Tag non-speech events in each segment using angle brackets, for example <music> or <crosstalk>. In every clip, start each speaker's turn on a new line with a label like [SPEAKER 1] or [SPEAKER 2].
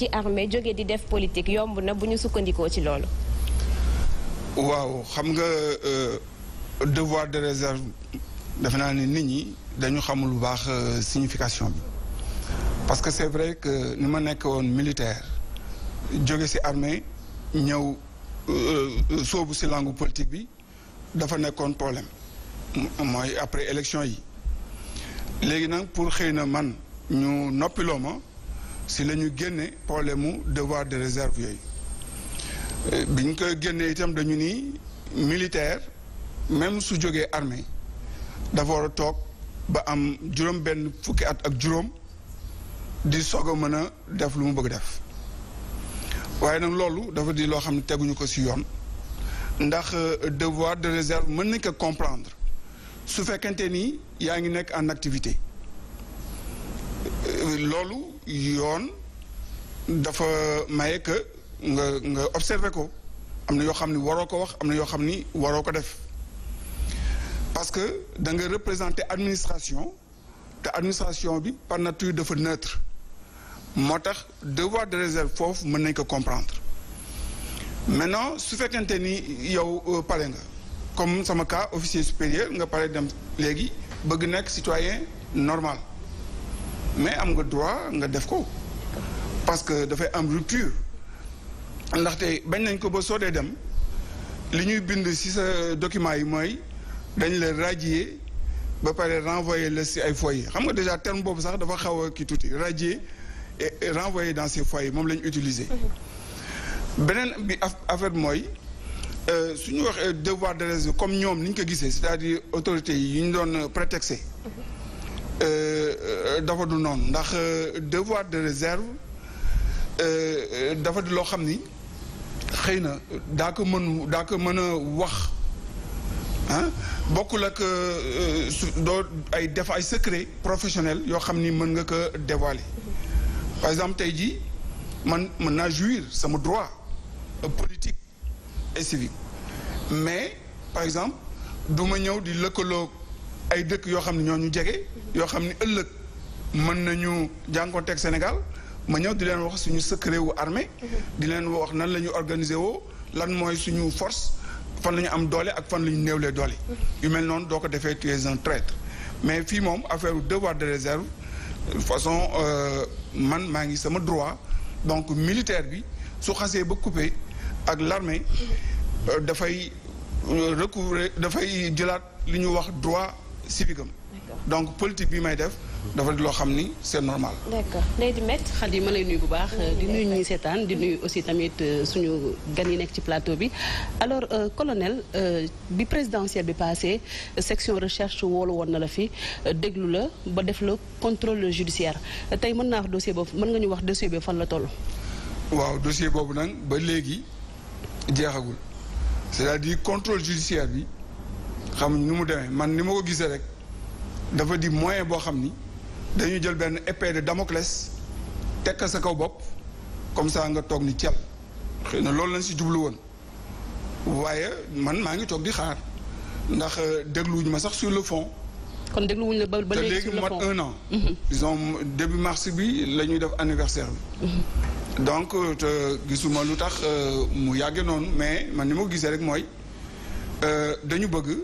[SPEAKER 1] ci armée jóge di def politique yomb na bu ñu sukkandikoo ci loolu.
[SPEAKER 2] waaw xam nga euh, devoir de réserve defe naa ni nit ñi dañu xamul lu baax euh, signification bi parce que c'est vrai que ni ma nekk woon militaire jóge ci armée ñëw euh, soobu ci langue politique bi dafa nekkoon problème mooy après élection yi léegi nag pour xëy na man ñu noppiloo ma si la ñu génne problème mu devoir de réserve yooyu eh, bi ñu koy génnee itam dañu ni militaire même su jógee armée dafa war a toog ba am juróom benn fukki at ak juróom di soog a mën a def lu mu bëgg def waaye nag loolu dafa di loo xam ne teguñu ko si yoon ndax euh, devoir de réserve mën nañ ko comprendre su fekkente ni yaa ngi nekk en activité loolu yoon dafa maye que nga nga observé ko am na yoo xam ni waroo ko wax am na yoo xam ni waroo ko def parce que da nga représenter administration te administration bi par nature dafa neutre moo tax devoir de réserve foofu mën nañ ko comprendre maintenant su fekkente ni yow euh, pare nga comme sama cas officier supérieur nga pare dem léegi bëgg nekk citoyen normal mais am nga droit nga def ko parce que dafay am rupture ndaxte bañ nañ ko ba soo dem li ñuy bind ci sa document yi mooy dañ la radier ba pare renvoyer la ci ay foyer xam nga déjà terme boobu sax dafa xaw a kii tuuti radier et renvoyer dans ces foyers moom la ñu utiliser. Mhm. beneen bi affaire mooy euh, su ñu waxee devoir de réserve comme ñoom ni ñu ko gisee c'est-à-dire autorités yi ñu doon prétexté. Mhm. Euh, euh, dafa du noonu ndax euh, devoir de réserve dafa di loo xam ni xëy na daa ko mënu daa ko mën a wax ah bokkul ak doo ay def ay secret professionnel yoo xam ni mën nga ko dévoiler par exemple tey jii man mën naa jouir sama droit politique et civique mais par exemple du ma ñëw di lëkkaloo ay dëkk yoo xam ne ñoo ñu jege yoo xam ne ëllëg mën nañu jànkoonteeg Sénégal ma ñëw di leen wax suñu secret wu armée di leen wax nan la ñu organiser woo lan mooy suñu force fan la am doole ak fan la ñu néewlee doole yu mel noonu doo ko defee tu es un traître mais fii moom affaire devoir de réserve de façon euh, man maa ngi sama droit donc militaire bi su xasee ba coupé ak l'armée euh, dafay recouvrer dafay jëlaat li ñu wax droit civique am donc politique bi may def dafa di loo xam ni c'est normal.
[SPEAKER 3] d'accord Ndeye di met Khady ma lay nuyu bu baax. di nuyu ñi seetaan di nuy aussi tamit euh, suñu gan yi nekk ci plateau bi. alors euh, colonel euh, bi présidentielle bi passé section recherche woolu woon na la fi déglu la ba def la contrôle judiciaire tey mën naa wax dossier boobu mën nga ñu wax dossier bi fan la toll.
[SPEAKER 2] waaw dossier boobu nag ba léegi jeexagul c'est-à-dire contrôle judiciaire bi. xamuñ ni mu demee man ni ma ko gisee rek dafa di moyen boo xam ni dañuy jël benn épée de Damoclès tekk sa kaw bopp comme ça nga toog ni cel xëy na loolu lañ si jublu woon waaye man maa ngi toog di xaar ndax euh, dégluwuñu ma sax sur le fond.
[SPEAKER 3] kon dégluwuñu la léegi sur le fond te
[SPEAKER 2] léegi mot bi la ñuy def anniversaire bi. Mhm. donc euh, te gisuma lu tax euh, mu yàgge noonu mais man ni ma ko gisee rek mooy dañu bëgg.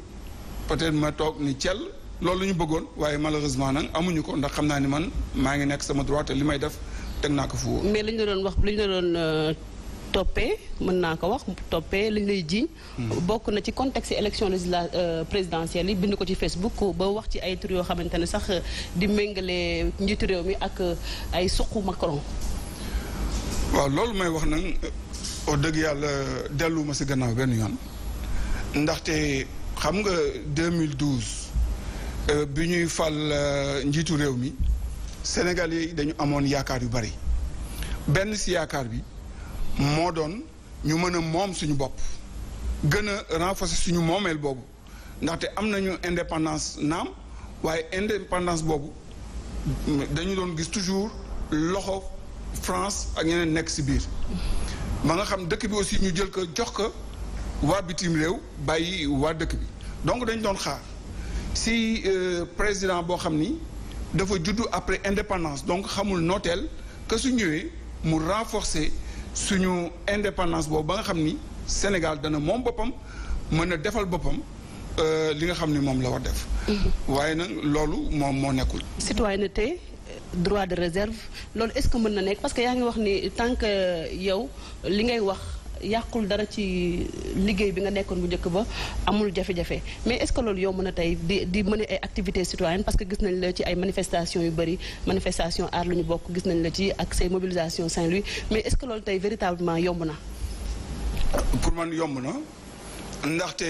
[SPEAKER 2] peut-être ma toog ni cell loolu la ñu bëggoon waaye malheureusement nag amuñu ko ndax xam naa ni man maa ngi nekk sama droit li may def teg naa ko fu wóor
[SPEAKER 3] mais lañu la doon wax lañ la doon euh, toppee mën naa ko wax toppee lañ lay jiiñ hmm. bokk na ci contexte élection législative euh, présidentielle yi bind ko ci Facebook ba wax ci ay tur yoo xamante ne sax di méngale njiitu réew mi ak euh, ay suqu Macron
[SPEAKER 2] waaw loolu may wax nag wax dëgg yàlla dellu ma si gannaaw benn yoon ndaxte xam nga 2012 euh, bi ñuy fal euh, njiitu réew mi Sénégalais yi dañu amoon yaakaar yu bari benn ci yaakaar bi moo doon ñu mën a moom suñu bopp gën a renforcer suñu moomeel boobu ndaxte am nañu indépendance naam waaye indépendance boobu dañu doon gis toujours loxo France ak ñeneen nekk ci biir ba nga xam dëkk bi aussi ñu jël ko jox ko waa bitim réew bàyyi waa dëkk bi donc dañ doon xaar si euh, président boo xam ni dafa juddu après indépendance donc xamul nooteel que su ñëwee mu renforcer suñu indépendance boobu ba nga xam ni Sénégal dana moom boppam mën na defal boppam euh, li nga xam ni moom la war def. Mm-hmm. waaye nag loolu moom moo nekkul.
[SPEAKER 3] citoyenneté droit de réserve loolu est-ce que mën na nekk parce que yaa ngi wax ni tant que yow li ngay wax. yàqul dara ci liggéey bi nga nekkoon bu njëkk ba amul jafe-jafe mais est-ce que loolu tey di di mener ay activités citoyennes parce que gis nañ la ci ay manifestations yu bëri manifestation aar lu ñu bokk gis nañ la ci ak say mobilisation Saint-Louis mais est-ce que loolu tey véritablement yomb na.
[SPEAKER 2] pour man yomb na ndaxte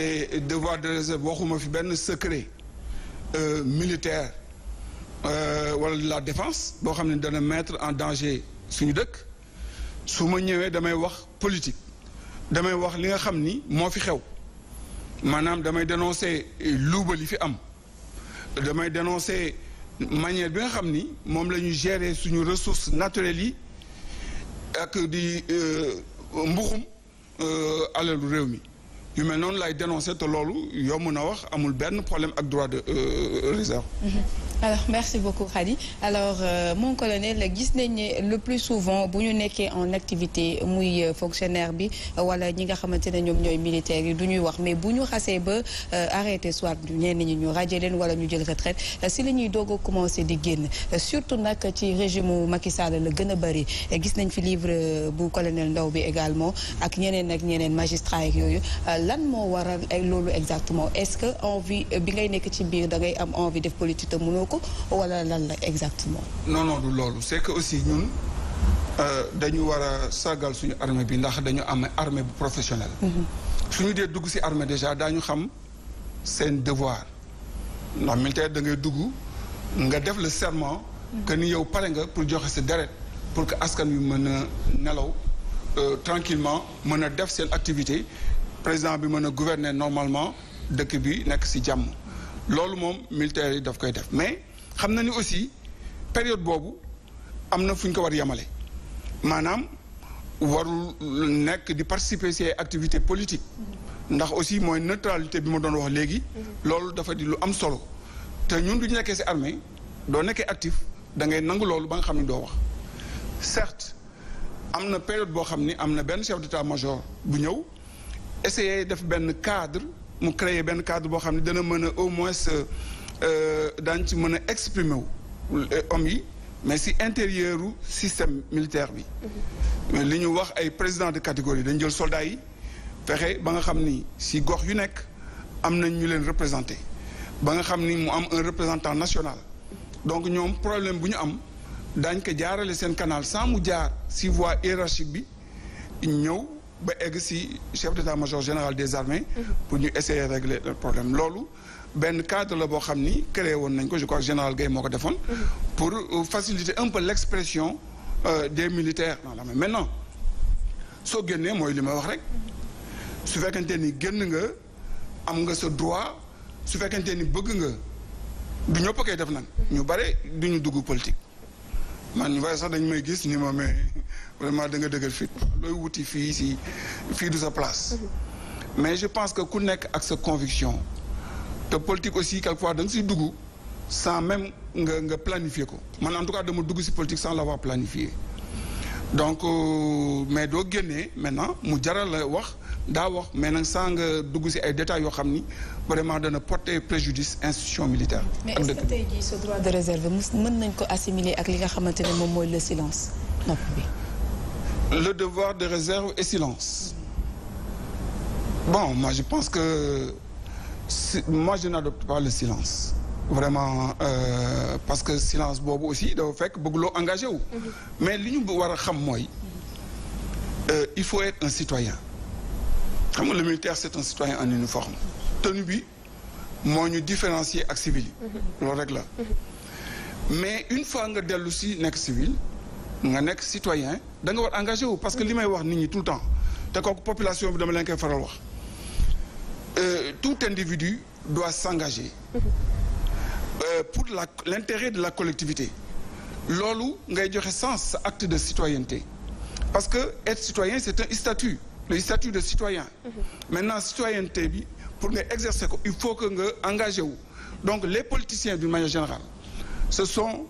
[SPEAKER 2] devoir de réserve waxuma fi benn secret euh, militaire euh, wala de la défense boo xam ne dana mettre en danger suñu dëkk su ma ñëwee damay wax politique. damay wax li nga xam ni moo fi xew maanaam damay dénoncer eh, luuba li fi am damay dénoncer manière bi nga xam ni moom la ñuy gérer suñu ressources naturelles yi ak di euh, mbuxum euh, alalu réew mi yu mel noonu laay dénoncé te loolu yomb na wax amul benn problème ak droit de euh, réserve.
[SPEAKER 4] Mhm.
[SPEAKER 5] alors merci beaucoup Khady alors euh, mon colonel gis nañ ne le plus souvent bu ñu nekkee en activité muy euh, fonctionnaire bi wala ñi nga xamante ne ñoom ñooy militaires yi du ñuy wax mais bu ñu xasee ba euh, arrêté soit ñeen ñi ñu raje leen wala ñu jël retraite si la ñuy doog a commencé di génn surtout nag ci régime Macky Sall la gën a bëri gis nañ fi livre bu colonel ndaw bi également ak ñeneen ak ñeneen magistrat yooyu. lan moo waral ay loolu exactement est-ce que envie euh, bi ngay nekk ci biir dangay ngay am envie def politique te mënoo ko wala lan la exactement.
[SPEAKER 2] non non loolu c'est que aussi ñun euh, dañu war a sargal suñu armée bi ndax dañu am armée bu professionnelle. Mm-hmm. suñu dee dugg ci armée déjà daañu xam seen devoir ndax militaire da ngay dugg nga def le serment. que ni yow pare nga pour joxe sa deret pour que askan wi mën a nelaw. Euh, tranquillement mën a def seen activité président bi mën a gouverner normalement dëkk bi nekk ci jàmm loolu moom militaire yi daf koy def mais xam na ni aussi période boobu am na fu ñu ko war yemale maanaam warul nekk di participer ci ay activités ndax aussi mooy neutralité bi ma doon wax léegi loolu dafa di lu am solo te ñun du ñu nekkee ci armée doo nekkee actif da ngay nangu loolu ba nga xam ne doo wax certes am na période boo xam ni am na benn chef de d'état-major bu ñëw essayer def benn cadre mu créer benn cadre boo xam ne dana mën a au moins euh, euh, daañ ci mën a exprimer wu euh, hommes yi mais si intérieur u système militaire bi mhm. li ñu wax ay président de catégorie dañ jël soldats yi fexe ba nga xam ni si gox yu nekk am nañ ñu leen représenté ba nga xam ni mu am un représentant national donc ñoom problème bu ñu am daañ ko jaarale seen canal sans mu jaar si voie hiérarchique bi ñëw ba egg si chef d'état-major général des armées mm-hmm. pour ñu essayer régler le problème loolu benn cadre la boo xam ni créé woon nañ ko je crois que général Gaye moo ko defoon mm-hmm. pour euh, faciliter un peu l'expression euh, des militaires maintenant soo génnee mooy li ma wax rek su fekkente ni génn nga am nga sa droit su fekkente ni bëgg nga du ñëpp koy def nag ñu bare du ñu dugg politique man ñu bari sax dañ may gis ni ma mais vraiment da nga dëgër fit looy wuti fii si fii du sa place mhm. mais je pense que ku nekk ak sa conviction te politique aussi quelquefois da nga si dugg sans même nga nga planifier ko man en tout cas dama dugg si politique sans l'avoir planifié donc euh, mais doo génnee maintenant mu jaral la wax daa wax mais nag sans nga dugg si ay détails yoo xam ni vraiment dana porter préjudice institution militaire. ak dëkk mais est-ce que
[SPEAKER 5] tey jii ce droit de réserve mën nañ ko assimiler ak li nga xamante ne moom mooy le silence nopp bi.
[SPEAKER 2] le devoir de réserve et silence bon moi je pense que si moi je n'adopte pas le silence vraiment euh, parce que silence boobu aussi dafa fekk bëggloo engagé wu. Mhm. mais li ñu war a xam mooy euh, il faut être un citoyen xam nga le militaire c'est un citoyen en uniforme. tenue bi moo ñu différencier ak civil yi. Mm-hmm. loolu rek la. Mm-hmm. mais une fois nga dellu si nekk civil nga nekk citoyen da nga war engagé wu parce que li may wax nit ñi tout le temps te kooku population bi dama leen koy faral wax euh, tout individu doit s'engager mm-hmm. euh, pour la l'intérêt de la collectivité loolu ngay joxe sens sa acte de citoyenneté parce que être citoyen c'est un statut le statut de citoyen maintenant citoyenneté bi pour nga exercer ko il faut que nga engagé wu donc les politiciens d'une manière générale ce sont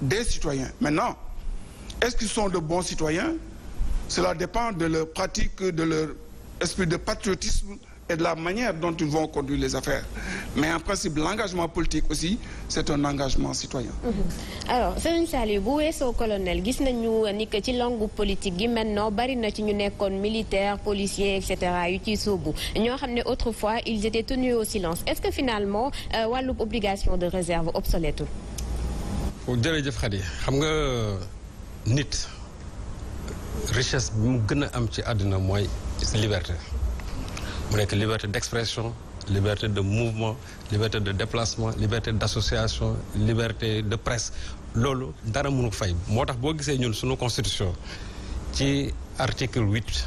[SPEAKER 2] des citoyens maintenant est-ce qu'ils sont de bons citoyens cela dépend de leur pratique de leur esprit de patriotisme et de la manière dont ils vont conduire les affaires. Mais en principe, l'engagement politique aussi, c'est un engagement citoyen.
[SPEAKER 1] Mhm. alors Serigne Saliou bu weesoo colonel gis nañu ni que ci langue politique gi noo bari na ci ñu nekkoon militaire policier et cetera yu ci soobu ñoo xam ne autrefois ils étaient tenus au silence est-ce que finalement euh, wàllu obligation de réserve obsolète.
[SPEAKER 6] Oh, jërëjëf Khady xam nga nit richesse bi mu gën a am ci àdduna mooy liberté. mu nekk liberté d'expression liberté de mouvement liberté de déplacement liberté d'association liberté de presse loolu dara mënu fay moo tax boo gisee ñun suñu constitution ci article huit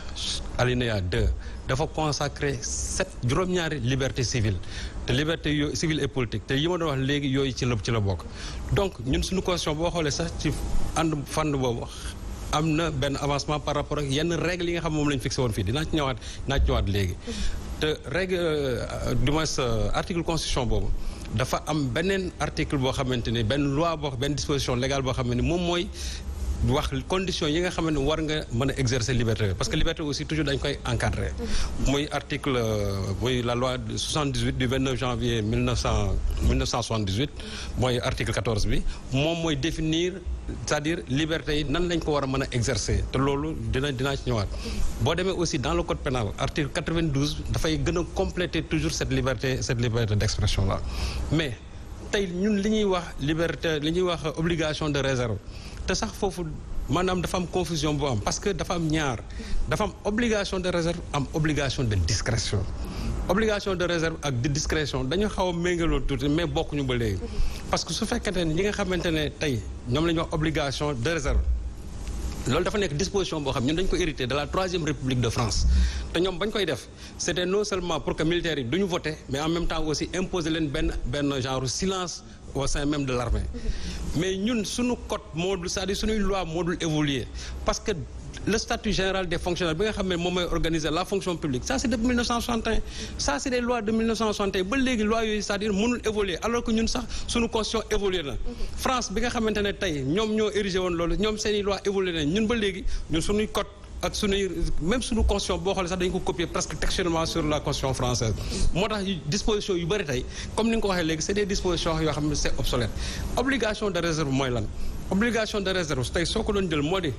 [SPEAKER 6] alinéa deux dafa consacrer sept juróom-ñaari liberté civile te liberté yo civile et politique te yi ma doon wax léegi yooyu ci la ci la bokk donc ñun suñu constitution boo xoolee sax ci ànd fànn boobu am na benn avancement par rapport ak yenn règle yi nga xam moom la ñu fixé woon fii dinaa ci ñëwaat dinaa ñëwaat léegi. te règle euh, du moins euh, article constitution boobu dafa am beneen article boo xamante ne benn loi boo benn disposition légale boo xam ne moom mooy wax condition yi nga xam ne war nga mën a exercer liberté parce que liberté aussi toujours dañ koy encadrer. muy article euh, muy la loi 78 du 29 janvier 1900 1978 mooy article 14 bi moom mooy définir c'est-à-dire liberté yi nan lañ ko war a mën a exercer te loolu dina dinaa ci ñëwaat. boo demee aussi dans le code pénal article 92 dafay gën a compléter toujours cette liberté cette liberté d'expression la mais tey ñun li ñuy wax liberté li ñuy wax obligation de réserve. te sax foofu maanaam dafa am confusion boo am parce que dafa am ñaar dafa am obligation de réserve am obligation de discrétion obligation de réserve ak de discrétion dañu xaw a méngaloo tuuti mais bokkuñu ba léegi parce que su fekkente ne ñi nga xamante ne tey ñoom la obligation de réserve loolu dafa nekk disposition boo xam ñun dañ ko hérité de la troisième république de France te ñoom bañ koy def c'était non seulement pour que militaires yi duñu voter mais en même temps leen benn benn genre silence au sein même de l'armée mais ñun suñu code moo dul c'est-à-dire suñuy loi moo dul évoluer parce que le statut général des fonctionnaires bi nga xam ne moom mooy organiser la fonction publique ça c'est depuis 1961 ça c'est des lois de 1961 ba léegi lois yooyu cest à mënul évoluer alors que ñun sax suñu constitution évoluer na France bi nga xamante ne tey ñoom ñoo érigé woon loolu ñoom seen i lois évoluer na ñun ba léegi ñun suñuy code ak suñuy même suñu constitution boo xoolee sax dañu ko copier presque textuellement sur la constitution française moo tax disposition yu bëri tey comme ni nga ko waxee léegi c'est des dispositions yoo xam ne c'est obsolète obligation de réserve mooy lan obligation de réserve tey soo ko doon jël moo di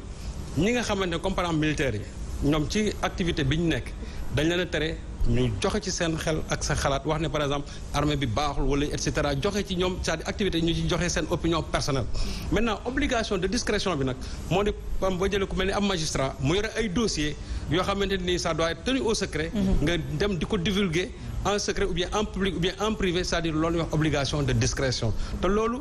[SPEAKER 6] ñi nga xamante ne comme par exemple yi ñoom ci activité bi ñu nekk dañ leen a tere ñu joxe ci seen xel ak sa xalaat wax ne par exemple armée bi baaxul wala et cetera joxe ci ñoom cest à activité ñu ci joxe seen opinion personnelle. maintenant obligation de discrétion bi nag moo di am boo jëlee ku mel ni am magistrat mu yore ay dossier yoo xamante ni ça doit être tenu au secret. Mhm. nga dem di ko divulguer en secret ou bien en public ou bien en privé cest à loolu wax obligation de discrétion te loolu.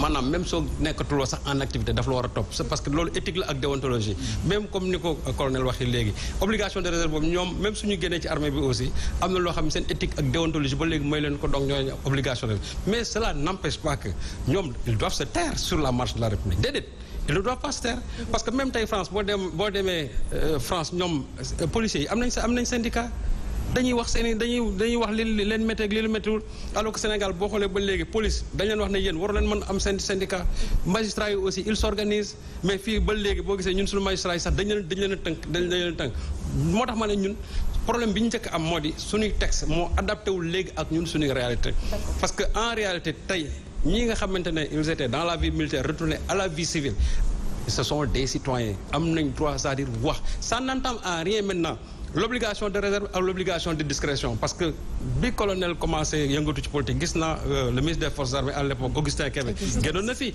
[SPEAKER 6] maanaam même soo nekkatuloo sax en activité daf la war a topp c'est parce que loolu éthique la ak déontologie même comme ni ko colonel waxee léegi obligation de réserve boobu ñoom même suñu génnee ci armée bi aussi am na loo xam ne seen éthique ak déontologie ba léegi may leen ko donc ñooy obligation de mais cela n'empêche pas que ñoom ils doivent se taire sur la marche de la République déedéet ils ne doivent pas se taire parce que même tey France boo demee euh, euh, yi am nañ am nañ syndicat dañuy wax seen i dañuy dañuy wax li leen métti ak li leen méttiwul alors que Sénégal boo xoolee ba léegi police dañ leen wax ne yéen waru leen mën am seen syndicat magistrats aussi ils s'organisent mais fii ba léegi boo gisee ñun suñu magistrats yi sax dañ leen a tënk dañ leen a tënk moo tax ma ne ñun problème bi njëkk am moo di suñuy texte moo adapté wul léegi ak ñun suñuy réalité parce que en réalité tey ñii nga xamante ne ils dans la vie militaire retournés à la vie civile ce sont des citoyens am nañ droit c'est-à-dire wax l'obligation de réserve ak l'obligation de discrétion parce que bi colonel commencé yëngatu ci politique gis na euh, le ministre des forces armées à l'époque Augustin Kébé génnoon na fi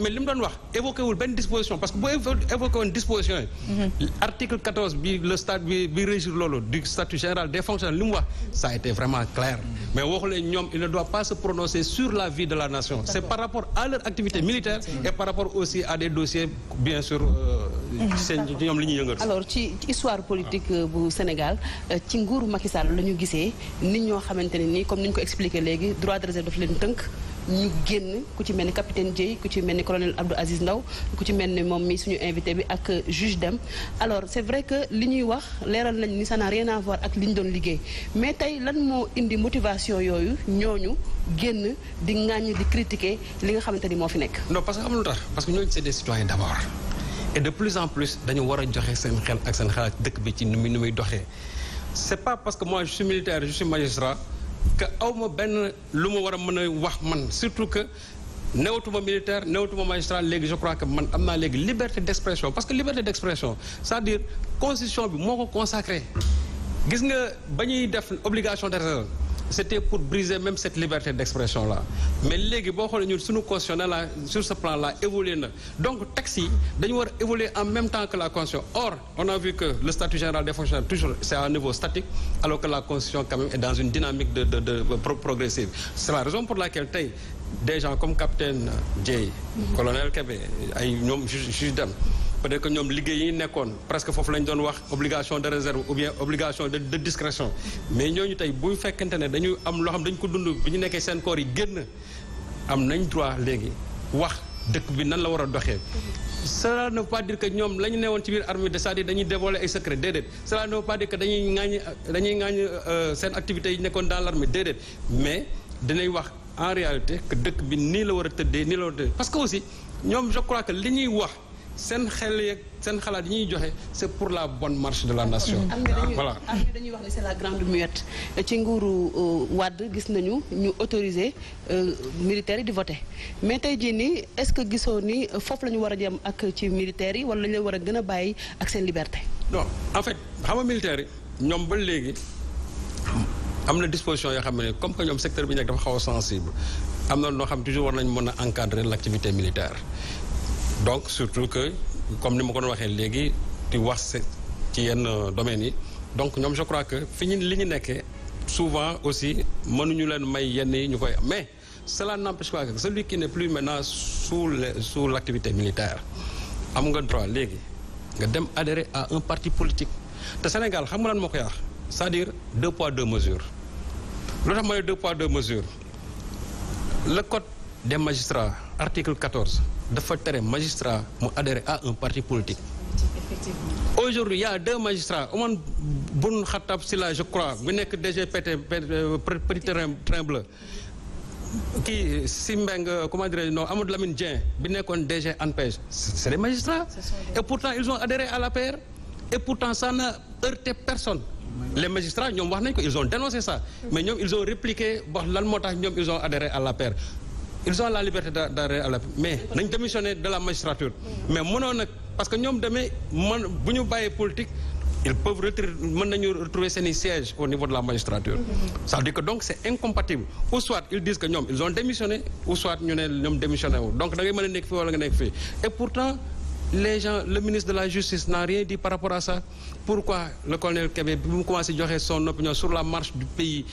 [SPEAKER 6] mais li mu doon wax évoqué wul benn disposition parce que bu évoqué woon disposition yi mhm. article 14 bi le statut bi bi loolu du statut général des fonctionnaires li mu wax ça a été vraiment clair mais waxu leen ñoom il ne doit pas se prononcer sur la vie de la nation c'est par rapport à leur activité militaire et par rapport aussi à des dossiers bien sûr euh, seen ñoom li ñuy yëngatu alors
[SPEAKER 3] ci histoire politique euh, bu Sénégal euh, ci nguuru Macky Sall la ñu gisee nit ñoo xamante ne nii comme ni ñu ko expliqué léegi droit de réserve daf leen tënk ñu génn ku ci mel ni capitaine Dieye ku ci mel ni colonel Abdou Aziz Ndaw ku ci mel ni moom mi suñu invité bi ak juge dem alors c'est vrai que li ñuy wax leeral nañ ni ça n'a rien à ak li ñu doon liggéey mais tey lan moo indi motivation yooyu ñooñu génn di ŋàññ di critiquer li nga xamante moo fi nekk.
[SPEAKER 6] non parce que xam lu tax parce que ñooñu c'est des citoyens d'abord de plus en plus dañu war a joxe seen xel ak seen xalaat dëkk bi ci nu muy nu muy doxee c'est pas parce que moi je suis militaire que aw ma benn lu ma war a mën a wax man surtout que newatuma militaire newatuma magistrat léegi je crois que man am naa léegi liberté d' expression parce que liberté d' expression c'est-à-dire constitution bi moo ko consacré gis nga ba ñuy def obligation de réserve c'était pour briser même cette liberté d'expression là mais léegi boo xoolee ñun suñu constitutionnel là sur ce plan là évolué na donc texte yi dañu war a évoluer en même temps que la constitution or on a vu que le statut général des fonctionnaires toujours c'est à un niveau statique alors que la constitution quand même est dans une dynamique de de de progressive c'est la raison pour laquelle tey des gens comme capitaine Dièye colonel Kébé ay ñoom juge juge peut que ñoom liggéey yi nekkoon presque foofu lañ doon wax obligation de réserve ou bien obligation de discrétion mais ñooñu tey bu fekkente ne dañu am loo xam dañ ko dund bi ñu nekkee seen koor yi génn am nañ droit léegi wax dëkk bi nan la war a doxee. cela ne veut pas dire que ñoom la ñu newoon ci biir armée de c'est-à-dire dañuy dévoiler ay secret déedéet cela ne pas dire que dañuy ŋaañ dañuy ŋaañ euh, seen activité yi nekkoon dans l'armée déedéet mais dinañ wax en réalité dëkk bi nii la war a tëddee nii la parce que aussi ñoom je crois que li ñuy wax. seen xel yeeg seen xalaat yi ñuy joxe c' est pour la bonne marche de la nation. voilà
[SPEAKER 3] am na dañuy wax ne c' est la ci nguuru euh, Wàdd gis nañu ñu autoriser euh, militaires yi di voter mais tey jii nii est ce que gisoo ni foofu la ñu war a ak ci militaires yi wala la ñu war a gën a bàyyi ak seen liberté.
[SPEAKER 6] non en fait xam nga militaires yi ñoom ba léegi am na disposition yoo xam ne comme que ñoom secteur bi ñu nekk dafa xaw a sensible am na loo xam toujours war nañ mën a encadrer l' activité militaire. donc surtout que comme ni ma ko doon waxee léegi di wax ci yenn euh, domaines yi donc ñoom je crois que fi ñu li ñu nekkee souvent aussi mënuñu leen may yenn yi ñu koy mais cela n'empêche pas que celui qui n'est plus maintenant sous le sous l'activité militaire am nga droit léegi nga dem adhérer à un parti politique te Sénégal xam nga lan moo ko yàq c'est-à-dire deux poids deux mesures lu tax mooy deux poids deux mesures le code des magistrats article 14 dafa tere magistrat mu adhérer à un parti politique. effectivement aujourd'hui il y a deux magistrats Oumar Boun Khattab Sylla je crois bu nekk DGPT petit train train bleu. kii si Mbeng comment dirais no am Amadou Lamine Dieng bi nekkoon DG ANPEJ c'est des magistrats et pourtant ils ont adhéré à l'APR et pourtant ça n'a heurté personne les magistrats ñoom wax nañ ko ils ont dénoncé ça mais ñoom ils ont répliqué wax lan moo tax ñoom ils ont adhéré à la l'APR ils ont la liberté d'arrêt à la mais nañ démissionné de la magistrature mais mënoon parce que ñoom demee man bu ñu bàyyee politique ils peuvent retirer mën nañu retrouver seeni siège au niveau de la magistrature ça veut dire que donc c'est incompatible ou soit ils disent que ñoom ils ont démissionné ou soit ñu ne ñoom démissionné wu donc da ngay a nekk fii wala nga nekk fii et pourtant les gens le ministre de la justice n'a rien dit par rapport à ça pourquoi joxe son opinion sur la marche du pays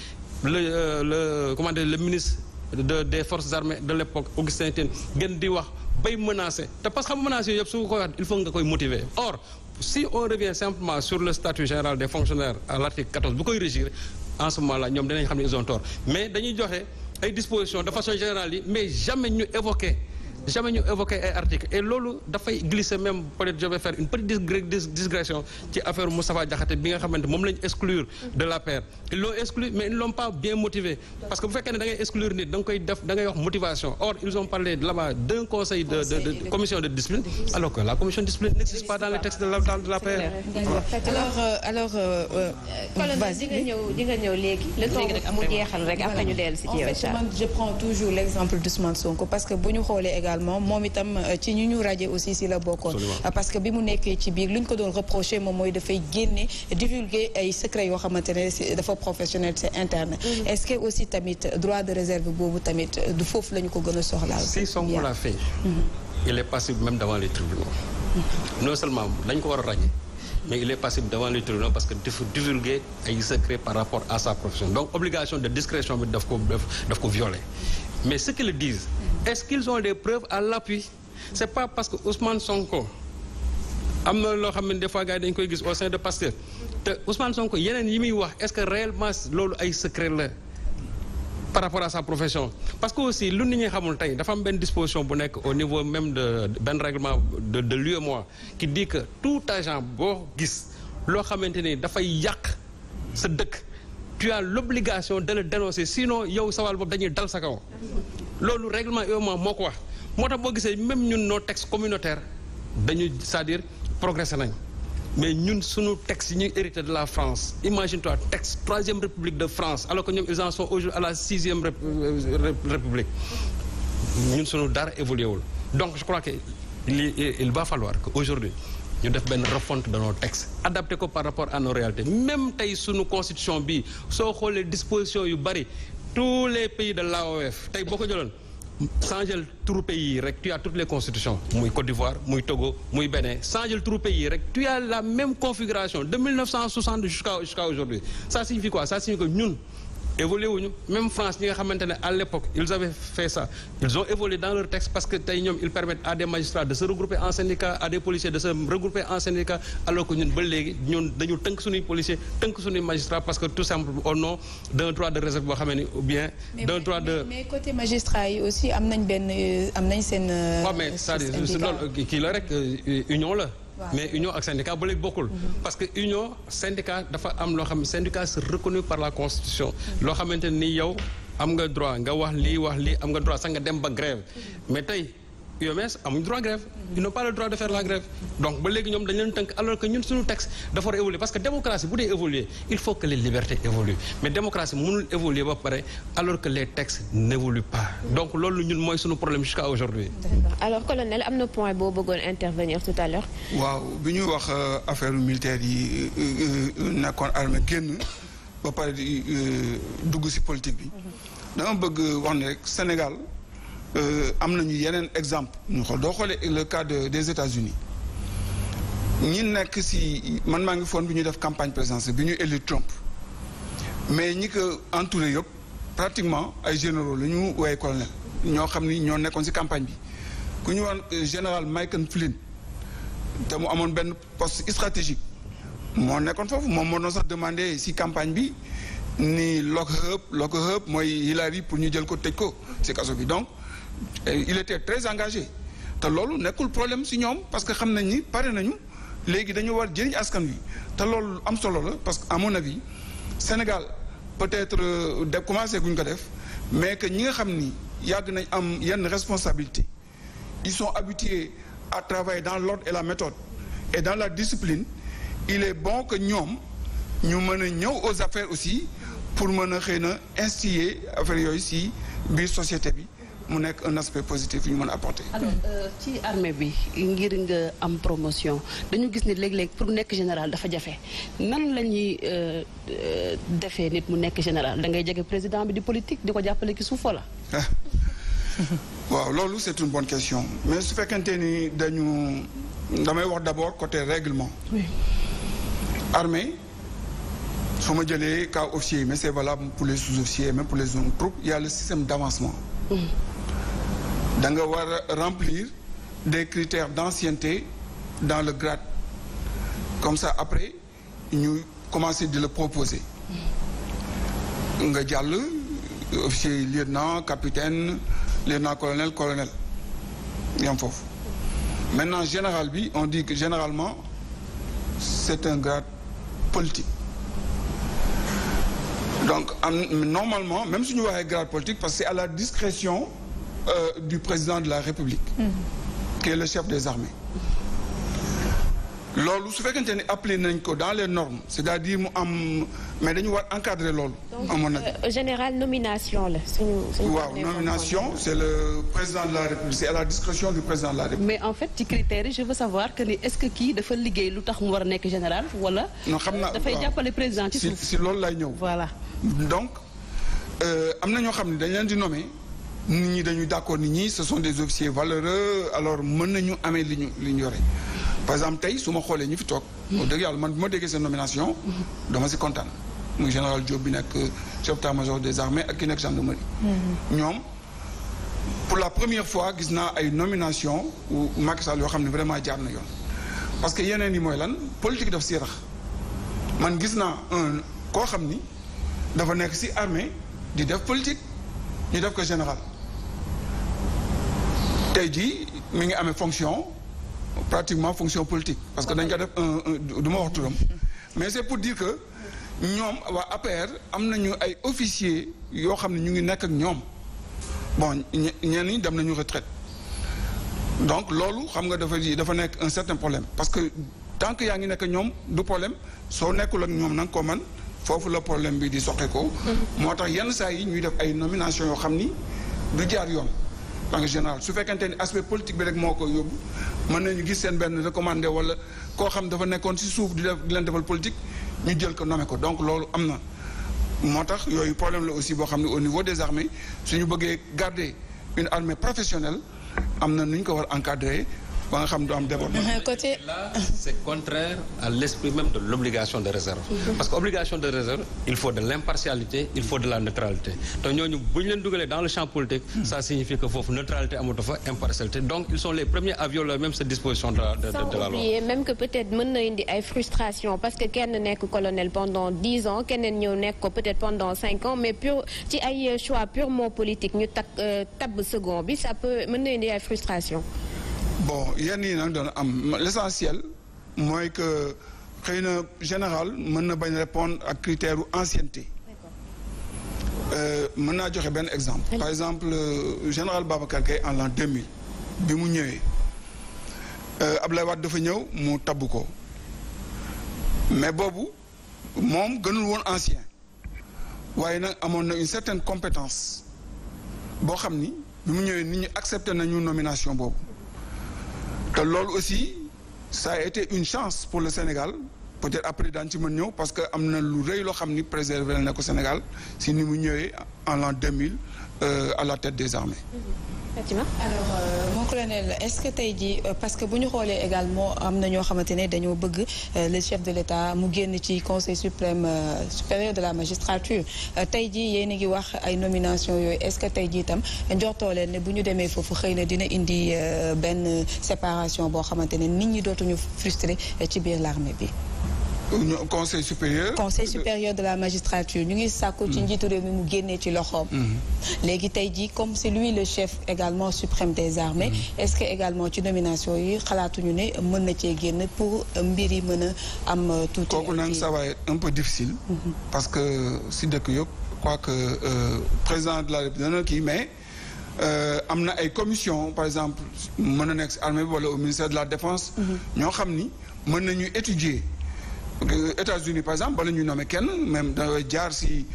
[SPEAKER 6] le euh, le de des forces armées de l'époque Augustin Tine gën di wax bay menacé te parce xam menaces yooyu yëpp su nga koy wax il faut nga koy motiver or si on revient simplement sur le statut général des fonctionnaires à l'article 14 bu koy régir en ce moment ñoom dinañ xam ne ils mais dañuy joxe ay dispositions de façon générale yi mais jamais ñu évoquer jamais ñu évoqué ay articles et loolu dafay glisser même peut-être une petite digression ci affaire Moustapha Diakhaté bi nga xamante moom lañ exclure de la paire ils l'ont mais ils ne pas bien motivé parce que bu fekkee ne da exclure nit da wax motivation or ils ont parlé là d'un conseil de commission de discipline alors que la commission de discipline n'existe pas dans les textes de la alors
[SPEAKER 1] euh, alors. Euh, euh, colonel di
[SPEAKER 5] ñëw
[SPEAKER 1] léegi. mu
[SPEAKER 5] jeexal également moom itam euh, ci ñu ñu raje aussi si la bokkoon euh, parce que bi mu nekkee ci biir lu ñu ko doon reproché moom mooy dafay génne divulguer ay secret yoo xamante ne dafa professionnel c'est interne mm-hmm. est-ce que aussi tamit droit de euh, la ñu ko gën a soxlaal si Sonko l'a
[SPEAKER 6] fait
[SPEAKER 4] mm-hmm.
[SPEAKER 6] il est passible même devant les tribunaux mm-hmm. non seulement dañ ko war a raje mais il est passible devant les tribunaux parce que dafa divulguer ay secret par rapport à sa profession donc obligation de discrétion bi daf ko violer mais ce qu'ils disent est-ce qu'ils ont des preuves à l'appui c'est pas parce que Ousmane Sonko am na loo xam ne des fois gars yi dañu koy gis au sein de Pastef te Ousmane Sonko yeneen yi muy wax est-ce que réelement loolu ay secret la par rapport à sa profession parce que aussi lu nit ñi xamul tey dafa am benn disposition bu nekk au niveau même de benn règlement de de mois qui dit que tout agent boo gis loo xamante ni dafay yàq sa dëkk tu as l'obligation de le dénoncer sinon yow sawal boobu dañuy dal sa kaw loolu règlement UEMOA moo ko wax moo tax boo gisee même ñun noo textes communautaires dañu c'est-à-dire progressé nañ mais ñun suñu texte yi ñuy hérité de la France imagine toi texte troisième république de France alors que ñoom ils en sont aujourd'hui à la sixième euh, république ñun suñu dara évolué wul donc je crois que il va falloir que aujourd'hui ñu def benn refonte de nos textes adapté ko par rapport à nos réalités même tey sunu constitution bi soo xoolee disposition yu bari tous les pays de l'AOF tey boo ko jëloon changel turu pays yi rek tu toutes les constitutions muy Côte d'Ivoire muy Togo muy beneen changel turu pays yi rek tu as la même configuration de 1960 jusqu'à jusqu'à aujourd'hui ça signifie quoi ça signifie que ñun évolué wuñu même France ñi nga xamante ne à l'époque ils avaient fait ça ils ont évolué dans leur texte parce que tey ñoom ils permettent à des magistrats de se regrouper en syndicat à des policiers de se regrouper en syndicat alors que ñun ba léegi ñun dañu tënk suñuy policiers tënk suñuy magistrats parce que tout simple au nom d'un droit de réserve boo xam ne ou bien d'un droit de
[SPEAKER 5] mais côté magistrat yi aussi am nañ benn am nañ seen
[SPEAKER 6] waaw mais euh, c'est-à-dire kii la rek euh, union la mais union ak syndicat ba léegi bokkul. Mhm. parce que union syndicat dafa am loo xam ne syndicat c'est par la constitution. Mhm. loo xamante ni yow am nga droit nga wax lii wax lii am nga droit sax nga dem ba grève mhm. mais tey UMS amuñ droit grève ils n'ont pas de faire la grève donc ba léegi ñoom dañ leen tënk alors que ñun suñu texte dafa war a évoluer parce que démocratie bu dee évoluer il faut que les libertés évoluent mais démocratie mënul évoluer ba pare alors que les textes n'évoluent pas donc loolu ñun mooy suñu problème jusqu'à aujourd'hui
[SPEAKER 1] alors colonel am na point boo bëggoon intervenir tout à l'heure
[SPEAKER 2] waaw bi ñuy wax euh, affaire militaire yi euh, euh, nekkoon armée génn ba pare dugg ci politique bi mhm. dama bëgg wax rek Sénégal Euh, am nañu yeneen exemple ñu xool doo xoolee le cas des États-Unis ñi nekk si man maa ngi foon bi ñu def campagne présidentielle bi ñu élu Trump mais ñi ko entouré yëpp pratiquement ay généraux la ñu waaye colonel ñoo xam ni ñoo nekkoon si campagne bi ku ñu wax euh, général Michael Flynn te mu amoon benn poste stratégique moo nekkoon foofu moom moo doon sax demandé si campagne bi ni lock her up lock mooy Hillary pour ñu jël ko tëj ko si kaso bi donc il était très engagé te loolu nekkul problème si ñoom parce que xam nañ ni pare nañu léegi dañu war jëriñ askan wi te loolu am solo la parce que à mon avis Sénégal peut-être euh, de commencé guñ ko def mais que ñi nga xam ni yàgg nañ am yenn responsabilité il sont habitués à travailler dans l'ordre et la méthode et dans la discipline il est bon que ñoom ñu mën a ñëw aux affaires aussi pour mën a xëy na instiller affaires yooyu si biir société bi mu nekk un aspect positif yu ñu mën a apporter.
[SPEAKER 3] Euh, ci armée bi ngir nga am promotion dañu gis ni léeg-léeg pour nekk général dafa jafe nan la ñuy euh, euh, defee nit mu nekk général da ngay jege président bi di politique di ko jàppale ki suuf wala.
[SPEAKER 2] <laughs> waaw loolu c'est une bonne question mais su fekkente ni dañu damay wax d'abord côté règlement. oui su ma jëlee cas officier mais c'est valable pour les sous-officiers même pour les zones troupes il système d'avancement. da nga war a remplir des critères d'ancienneté dans le grade comme ça après ñu commencer di le proposer nga jàll officier lieutenant capitaine lieutenant colonel colonel yam foofu maintenant général bi on dit que généralement c'est un grade politique donc normalement même suñu waxee grade politique parce que à la discrétion euh, du président de la République qui est le chef des armées loolu su fekkente ne appelé nañ ko dans les normes c'est-à-dire mu am mais dañu war encadrer loolu amoon na
[SPEAKER 1] euh, général nomination la suñu
[SPEAKER 3] waaw
[SPEAKER 2] nomination c'est le président de la république c'est à la discrétion du président de la république
[SPEAKER 3] mais en fait ci critères yi je veux savoir que ni est-ce que kii dafa liggéey lu tax mu war a nekk général wala non xam naa dafay jàppale président ci suuf
[SPEAKER 2] si loolu lay ñëw voilà donc euh, am na xam ne dañ leen di nit ñi dañuy d'accord nit ñi ce sont des officiers valeureux alors mën nañu amee li ñu li ñu yore par exemple tey su ma xoolee ñu fi toog. dëgg yàlla man bu ma déggee seen nomination. dama si kontaan muy général Diop bi nekk chef d'état-major des armées ak ki nekk gendarmerie. ñoom pour la première fois gis naa ay nomination ou yoo xam ne vraiment jaar na yoon. parce que yeneen yi mooy lan politique daf siy rax man gis naa koo xam ni dafa nekk si armée di def politique ñu def ko général. tey jii mi ngi amee fonction pratiquement fonction politique parce que dañ ko def duma du ma wax turam mais c'est pour dire que ñoom waa APR am nañu ay officiers yoo xam ne ñu ngi nekk ak ñoom bon ñenn ñi dem nañu retraite donc loolu xam nga dafa dafa nekk un certain problème parce que tant que yaa ngi nekk ñoom du problème soo nekkul ak ñoom nag ko man foofu la problème bi di soqe ko mm-hmm. moo tax yenn saa yi ñuy def ay nomination yoo xam ni du jaar yoon en général su fekkente ni aspect politique bi rek moo ko yóbbu mën nañu gis seen benn recommandé wala koo xam dafa nekkoon si suuf di def di leen defal politique ñu jël ko nommé ko donc loolu am na. moo tax yooyu problème la aussi boo xam ne au niveau des armées su ñu bëggee garder une armée professionnelle am na nu ñu ko war encadrer. ba nga xam du am débordement.
[SPEAKER 5] <laughs> là
[SPEAKER 2] c' contraire à l'
[SPEAKER 6] esprit même de l' obligation de réserve. Mhm. parce que obligation de réserve il faut de l' impartialité il faut de la neutralité te ñooñu bu ñu leen dugalee dans le champ politique. Mhm. ça signifie que foofu neutralité amatu fa impartialité donc ils sont les premiers à violer même cette disposition de la
[SPEAKER 1] dix ans keneen ñëw nekk ko peut être pendant cinq ans mais pur ci ay choix purement politique ñu tak euh, tabb second bi ça peut na indi ay frustration.
[SPEAKER 2] bon yenn yi nag doon am l'essentiel mooy que xëy na général mën na bañ répondre ak critère u ancienneté euh, mën naa joxe benn exemple par exemple euh, général Babacar Gaye en l'an 2000 bi mu ñëwee euh, Abdoulaye Wade dafa ñëw mu tabb ko mais boobu moom gënul woon ancien waaye nag amoon na une certaine compétence boo xam ni bi mu ñëwee nit ñi accepté nañu nomination boobu te loolu aussi ça a été une chance pour le Sénégal peut-être après daan ci mën ñëw parce que am na lu rëy loo xam ni préserver na ko Sénégal si ni mu ñëwee en l'an 2000 euh, à la tête des armées. Mm-hmm.
[SPEAKER 1] Fatima alors euh, mon
[SPEAKER 5] colonel est-ce que tey jii euh, parce que bu ñu xoolee également am na ñoo xamante ne dañoo bëgg euh, le chef de l'État mu génn ci conseil suprême euh, supérieur de la magistrature euh, tey jii yéen a ngi wax ay nomination yooyu est-ce que tey jii itam njortoo ne bu ñu demee foofu xëy na dina indi benn séparation boo xamante ne nit ñi dootuñu frustré ci biir l'armée bi
[SPEAKER 2] conseil supérieur. conseil
[SPEAKER 5] supérieur de la magistrature ñu ngi sàkku ci mm-hmm. njiitu réew mi mu génnee ci loxoom. Mm-hmm. léegi tey jii comme c'est lui le chef également suprême des armées. Mm-hmm. est-ce que également ci nomination yi xalaatuñu ne mën na cee génn pour mbir yi mën a
[SPEAKER 2] am. Euh, tuuti kooku naan ça va être un peu difficile. parce que euh, si dëkk yëpp quoi que euh, président de la République dana kii mais. am na ay commission par exemple mën na nekk si armée bi wala au ministère de la défense. ñoo xam ni mën nañu étudier. Euh, États-Unis par exemple bala ñuy nommer kenn même da jaar si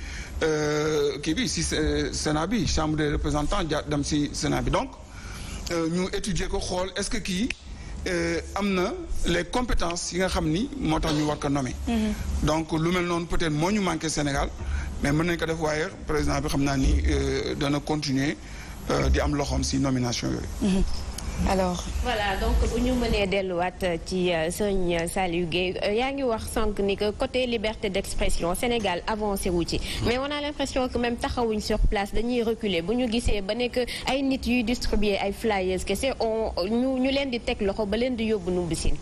[SPEAKER 2] euh, kii bi si euh, sena bi chambre des représentants jaar dem si Sénat bi donc ñu étudier ko xool est-ce que kii am na les compétences yi nga xam ni moo tax ñu war ko nommer. Mm-hmm. donc lu mel noonu peut-être moo ñu manqué Sénégal mais mën nañ ko def waaye président bi xam naa ni dana continuer di am loxoom si nomination yooyu.
[SPEAKER 4] Mm-hmm.
[SPEAKER 5] alors
[SPEAKER 1] voilà donc bu ñu mënee delluwaat ci euh, sëñ Saliou Guèye euh, yaa ngi wax sànq ni que côté liberté d'expression Sénégal avancé wu ci. Mm. mais on naa l'impression que même taxawuñ sur place dañuy reculer bu ñu gisee ba nekk ay nit yuy distribuer ay flyers kese on ñu leen di teg loxo ba leen di yóbbu numbi sin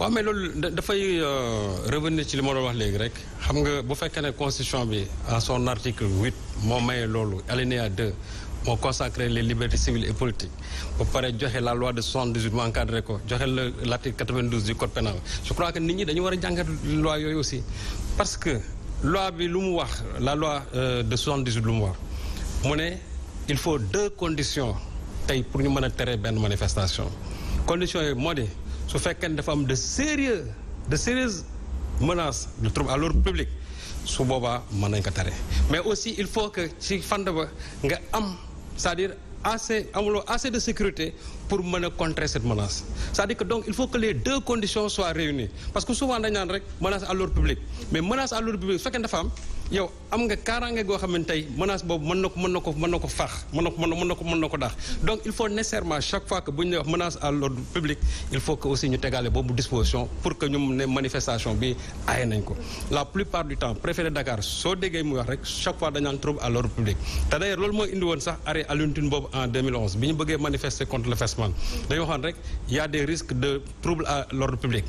[SPEAKER 6] waaw mais loolu dafay euh, revenir ci li ma doon wax léegi rek xam nga bu fekkee ne constitution bi à son article huit moo maye loolu alinéa deux. moo consacré les libertés civiles et politiques ba pare joxe la loi de 78 mu encadré ko joxe la l'article 92 du code pénal je crois que nit ñi dañu war a jàngat loi yooyu aussi parce que loi bi lu mu wax la loi euh, de 78 lu mu wax mu ne il faut deux conditions tey pour ñu mën a tere benn manifestation conditions yooyu moo di su fekkee ne dafa am de sérieux de sérieuses menaces de trouble à l'ordre public su boobaa mën nañ ko tere mais aussi il faut que ci fànn ba nga am c'est-à-dire assez amuloo assez de sécurité pour mën a contrer cette menace cest dire que donc il faut que les deux conditions soient réunies parce que souvent dañ rek menace à l'ordre public mais menace à l'ordre public su ko daax donc il faut nécessairement chaque fois que bu ñu wax menace à l'ordre public il faut que aussi ñu tegaale boobu disposition pour que ñu ne manifestation bi aaye nañ ko la plupart du temps préfet Dakar soo déggee muy wax rek chaque fois dañu trouble à l'ordre public te d'ailleurs Ousmane dañu waxoon rek y a des risques de trouble à l'ordre public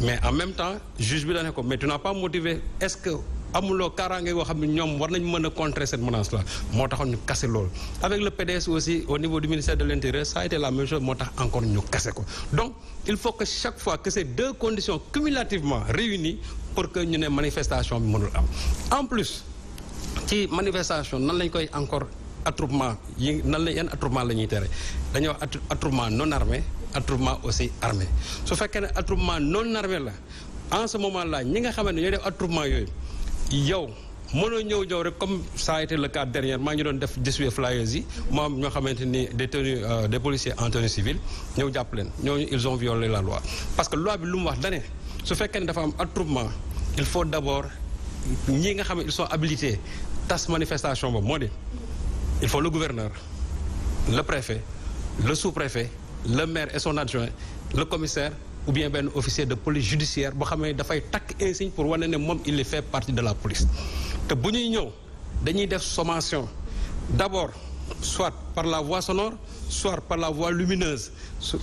[SPEAKER 6] mais en même temps juge bi dane ko mais tu n'as pas motivé est-ce que amuloo kaaraange yoo xam ne ñoom war nañ mën a contrer cette menace là moo taxoon ñu kase loolu avec le PDS aussi au niveau du ministère de l'intérieur ça a été la même chose moo tax encore ñu kase ko donc il faut que chaque fois que ces deux conditions cumulativement réunies pour que ñu ne manifestation bi mënul am en plus ci manifestation nan lañ koy encore attroupement yi nan la yan attroupement la ñuy tere dañoo wax attroupement non armé attroupement aussi armé su fekkee ne attroupement non armé la en ce moment là ñi nga xamante ne ñooy def attroupement yooyu yow mënoo ñëw ñëw rek comme ça a été le cas dernièrement ñu doon def distribuer flyers yi moo am ñoo xamante ni des tenues euh, des policiers en tenue civile ñëw jàpp leen ñooñu ils ont violé la loi parce que loi bi lu mu wax dane su fekkee ne dafa am attroupement il faut d'abord ñi nga xam ne ils sont manifestation boobu moo di il faut le gouverneur le préfet le sous-préfet le maire et son adjoint le commissaire ou bien benn officier de police judiciaire boo xam ne dafay takk insigne pour wane ne moom il fait partie de la police te bu ñuy ñëw dañuy def sommation d'abord soit par la voie sonore soit par la voie lumineuse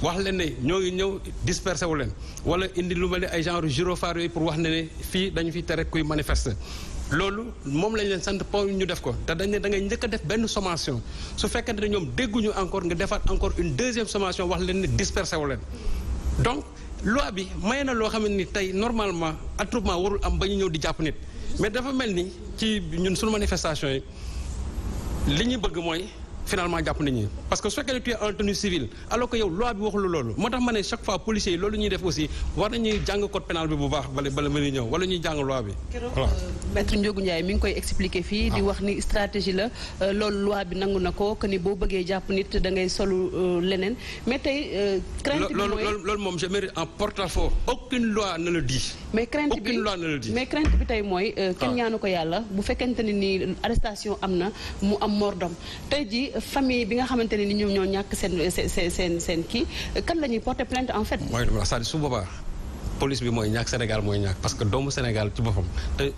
[SPEAKER 6] wax leen ne ñoo ngi ñëw dispersé wu leen wala indi lu mel ne ay genre gyrophare yi pour wax ne ne fii dañu fi tere kuy manifester loolu moom lañ leen sant pour ñu def ko te dañ ne da njëkk a def benn sommation su fekkente ne ñoom dégguñu encore nga defaat encore une deuxième sommation wax leen ne dispersé wu leen donc loi bi may na loo xamante ni tey normalement attroupement warul am ba ñu ñëw di jàpp nit mais dafa mel ni ci ñun suñu manifestation yi li ñu bëgg mooy finalement jàpp nañu parce que su fekkee ne tu es en tenue civile alors que yow loi bi waxul loolu moo tax ma ne chaque fois policiers yi loolu ñuy def aussi war nañuy jàng code pénal bi bu baax bala bala mënuy ñëw wala ñuy jàng loi bi. voilà euh,
[SPEAKER 3] maître Ndiogou Ndiaye mi ngi koy expliquer fii. di ah. wax ni stratégie la euh, loolu loi bi nangu na ko que ni boo bëggee jàpp nit da ngay solu euh, leneen mais tey.
[SPEAKER 6] crainte bi mooy loolu loolu moom je mérite en porte-à-faux. aucune loi ne mais crainte bi mais
[SPEAKER 3] crainte bi tey mooy. Euh, kenn ah. ñaanu ko yàlla bu fekkente ne nii arrestation am na mu am mordom tey ji euh, famille bi nga xamante ne ni ñoom ñoo ñàkk seen seen seen seen kii euh, kan la ñuy porter plainte en fait. mooy
[SPEAKER 6] cest su boobaa police bi mooy ñàkk Sénégal mooy ñàkk parce que doomu Sénégal ci boppam te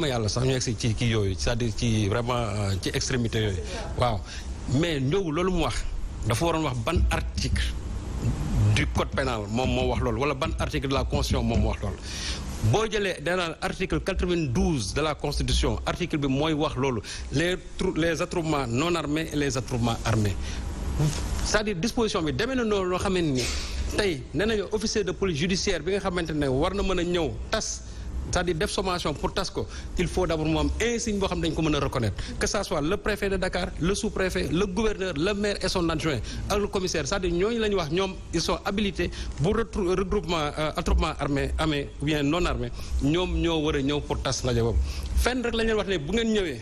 [SPEAKER 6] ma yàlla sax ñu egsi ci kii yooyu c'est-à-dire ci vraiment ci extrémité yooyu waaw mais ñëw loolu mu wax dafa waroon wax ban article. du code pénal moom moo wax loolu wala ban article de la constitution moom moo wax loolu boo jëlee danaan article 92 de la constitution article bi mooy wax loolu les les attroupements non armés les attroupements armés c'est-à-dire disposition bi demee na noonu loo xamante ni tey nee nañu officier de police judiciaire bi nga xamante ne war na mën a ñëw tas c'est-à-dire def sommation pour tas ko il faut d'abord mu insigne boo xam dañ ko mën a reconnaître que ça soit le préfet de Dakar le sous-préfet le gouverneur le maire et son adjoint ak le commissaire cest dire ñooñu la ñu wax ñoom ils sont habilités bu regroupement euh, attroupement armé armé ou non armé ñoom ñoo war a ñëw pour tas ndaje boobu fenn rek la wax ne bu ngeen ñëwee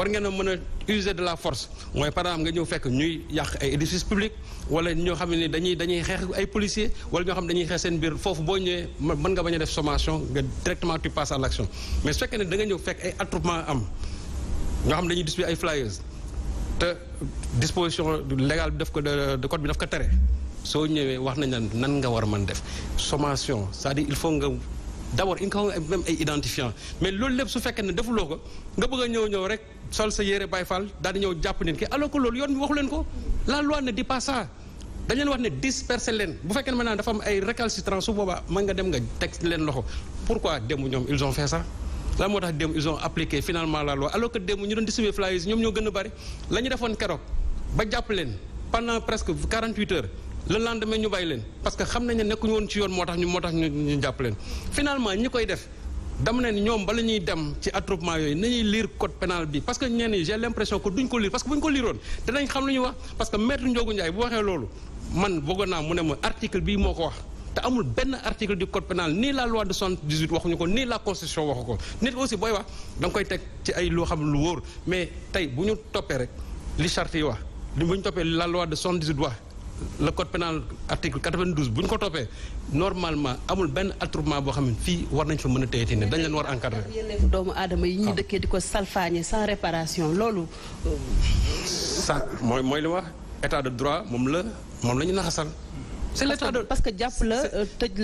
[SPEAKER 6] war ngeen a mën a user de la force mooy par exemple nga ñëw fekk ñuy yàq ay édifices publics wala ñoo xam ni dañuy dañuy xeex ay policier wala ñoo xam ne dañuy xeex seen biir foofu boo ñëwee mën nga bañ a def sommation nga directement tu passes à mais fekkee nga ñëw fekk ay attroupement am ñoo xam ne dañuy distribuer ay flyers te disposition légal bi daf ko de code bi daf ko tere soo ñëwee wax nañ la nan nga war a mën def sommation cest à il faut nga d'abord il faut nga même ay identifiant mais loolu lépp su fekkee ne defuloo ko nga bëgg a ñëw ñëw rek sol sa yére bay Faal daal di ñëw jàpp nit ki alors que loolu yoon bi waxu leen ko la loi ne dit pas ça dañ leen wax ne disperser leen bu fekkee ne maintenant dafa ay récalcitrants su boobaa mën nga dem nga leen loxo pourquoi démb moo tax démb ils ont appliqué finalement la loi alors que démb ñu doon distribuer flyers ñoom ñoo gën a bari la ñu defoon keroog ba jàpp leen pendant presque 48 heures. le lendemain ñu bàyyi leen parce que xam nañ ne nekkuñu woon ci yoon moo tax ñu moo tax ñu jàpp leen finalement ñi koy def dama ne ñoom bala ñuy dem ci attroupement yooyu nañuy lire code pénal bi parce que ñenn ñi j'ai l'impression que duñ ko lire parce que bu ñu ko liroon danañ xam lu ñuy wax parce que maître Ndiogou Ndiaye bu waxee loolu man bëggoon naa mu ne ma article bii moo ko wax te amul benn article du code pénal ni la loi de 78 waxuñu ko ni la constitution waxu ko nit aussi booy wax da koy teg ci ay loo xam lu wóor mais tey bu ñu toppee rek li charte yi ñu toppee la loi de 78 wax le code pénal article 92 bu ko toppee normalement amul benn attroupement boo xam ne fii war nañ fa mën a téyeti ne dañ leen war encadré
[SPEAKER 3] doomu aadama yi ñuy ah. dëkkee di ko salfaañe sans réparation loolu
[SPEAKER 6] sa mooy mooy li wax état de droit moom la moom la ñu naxasal
[SPEAKER 3] c'est l'état parce que jàpp la euh, tëj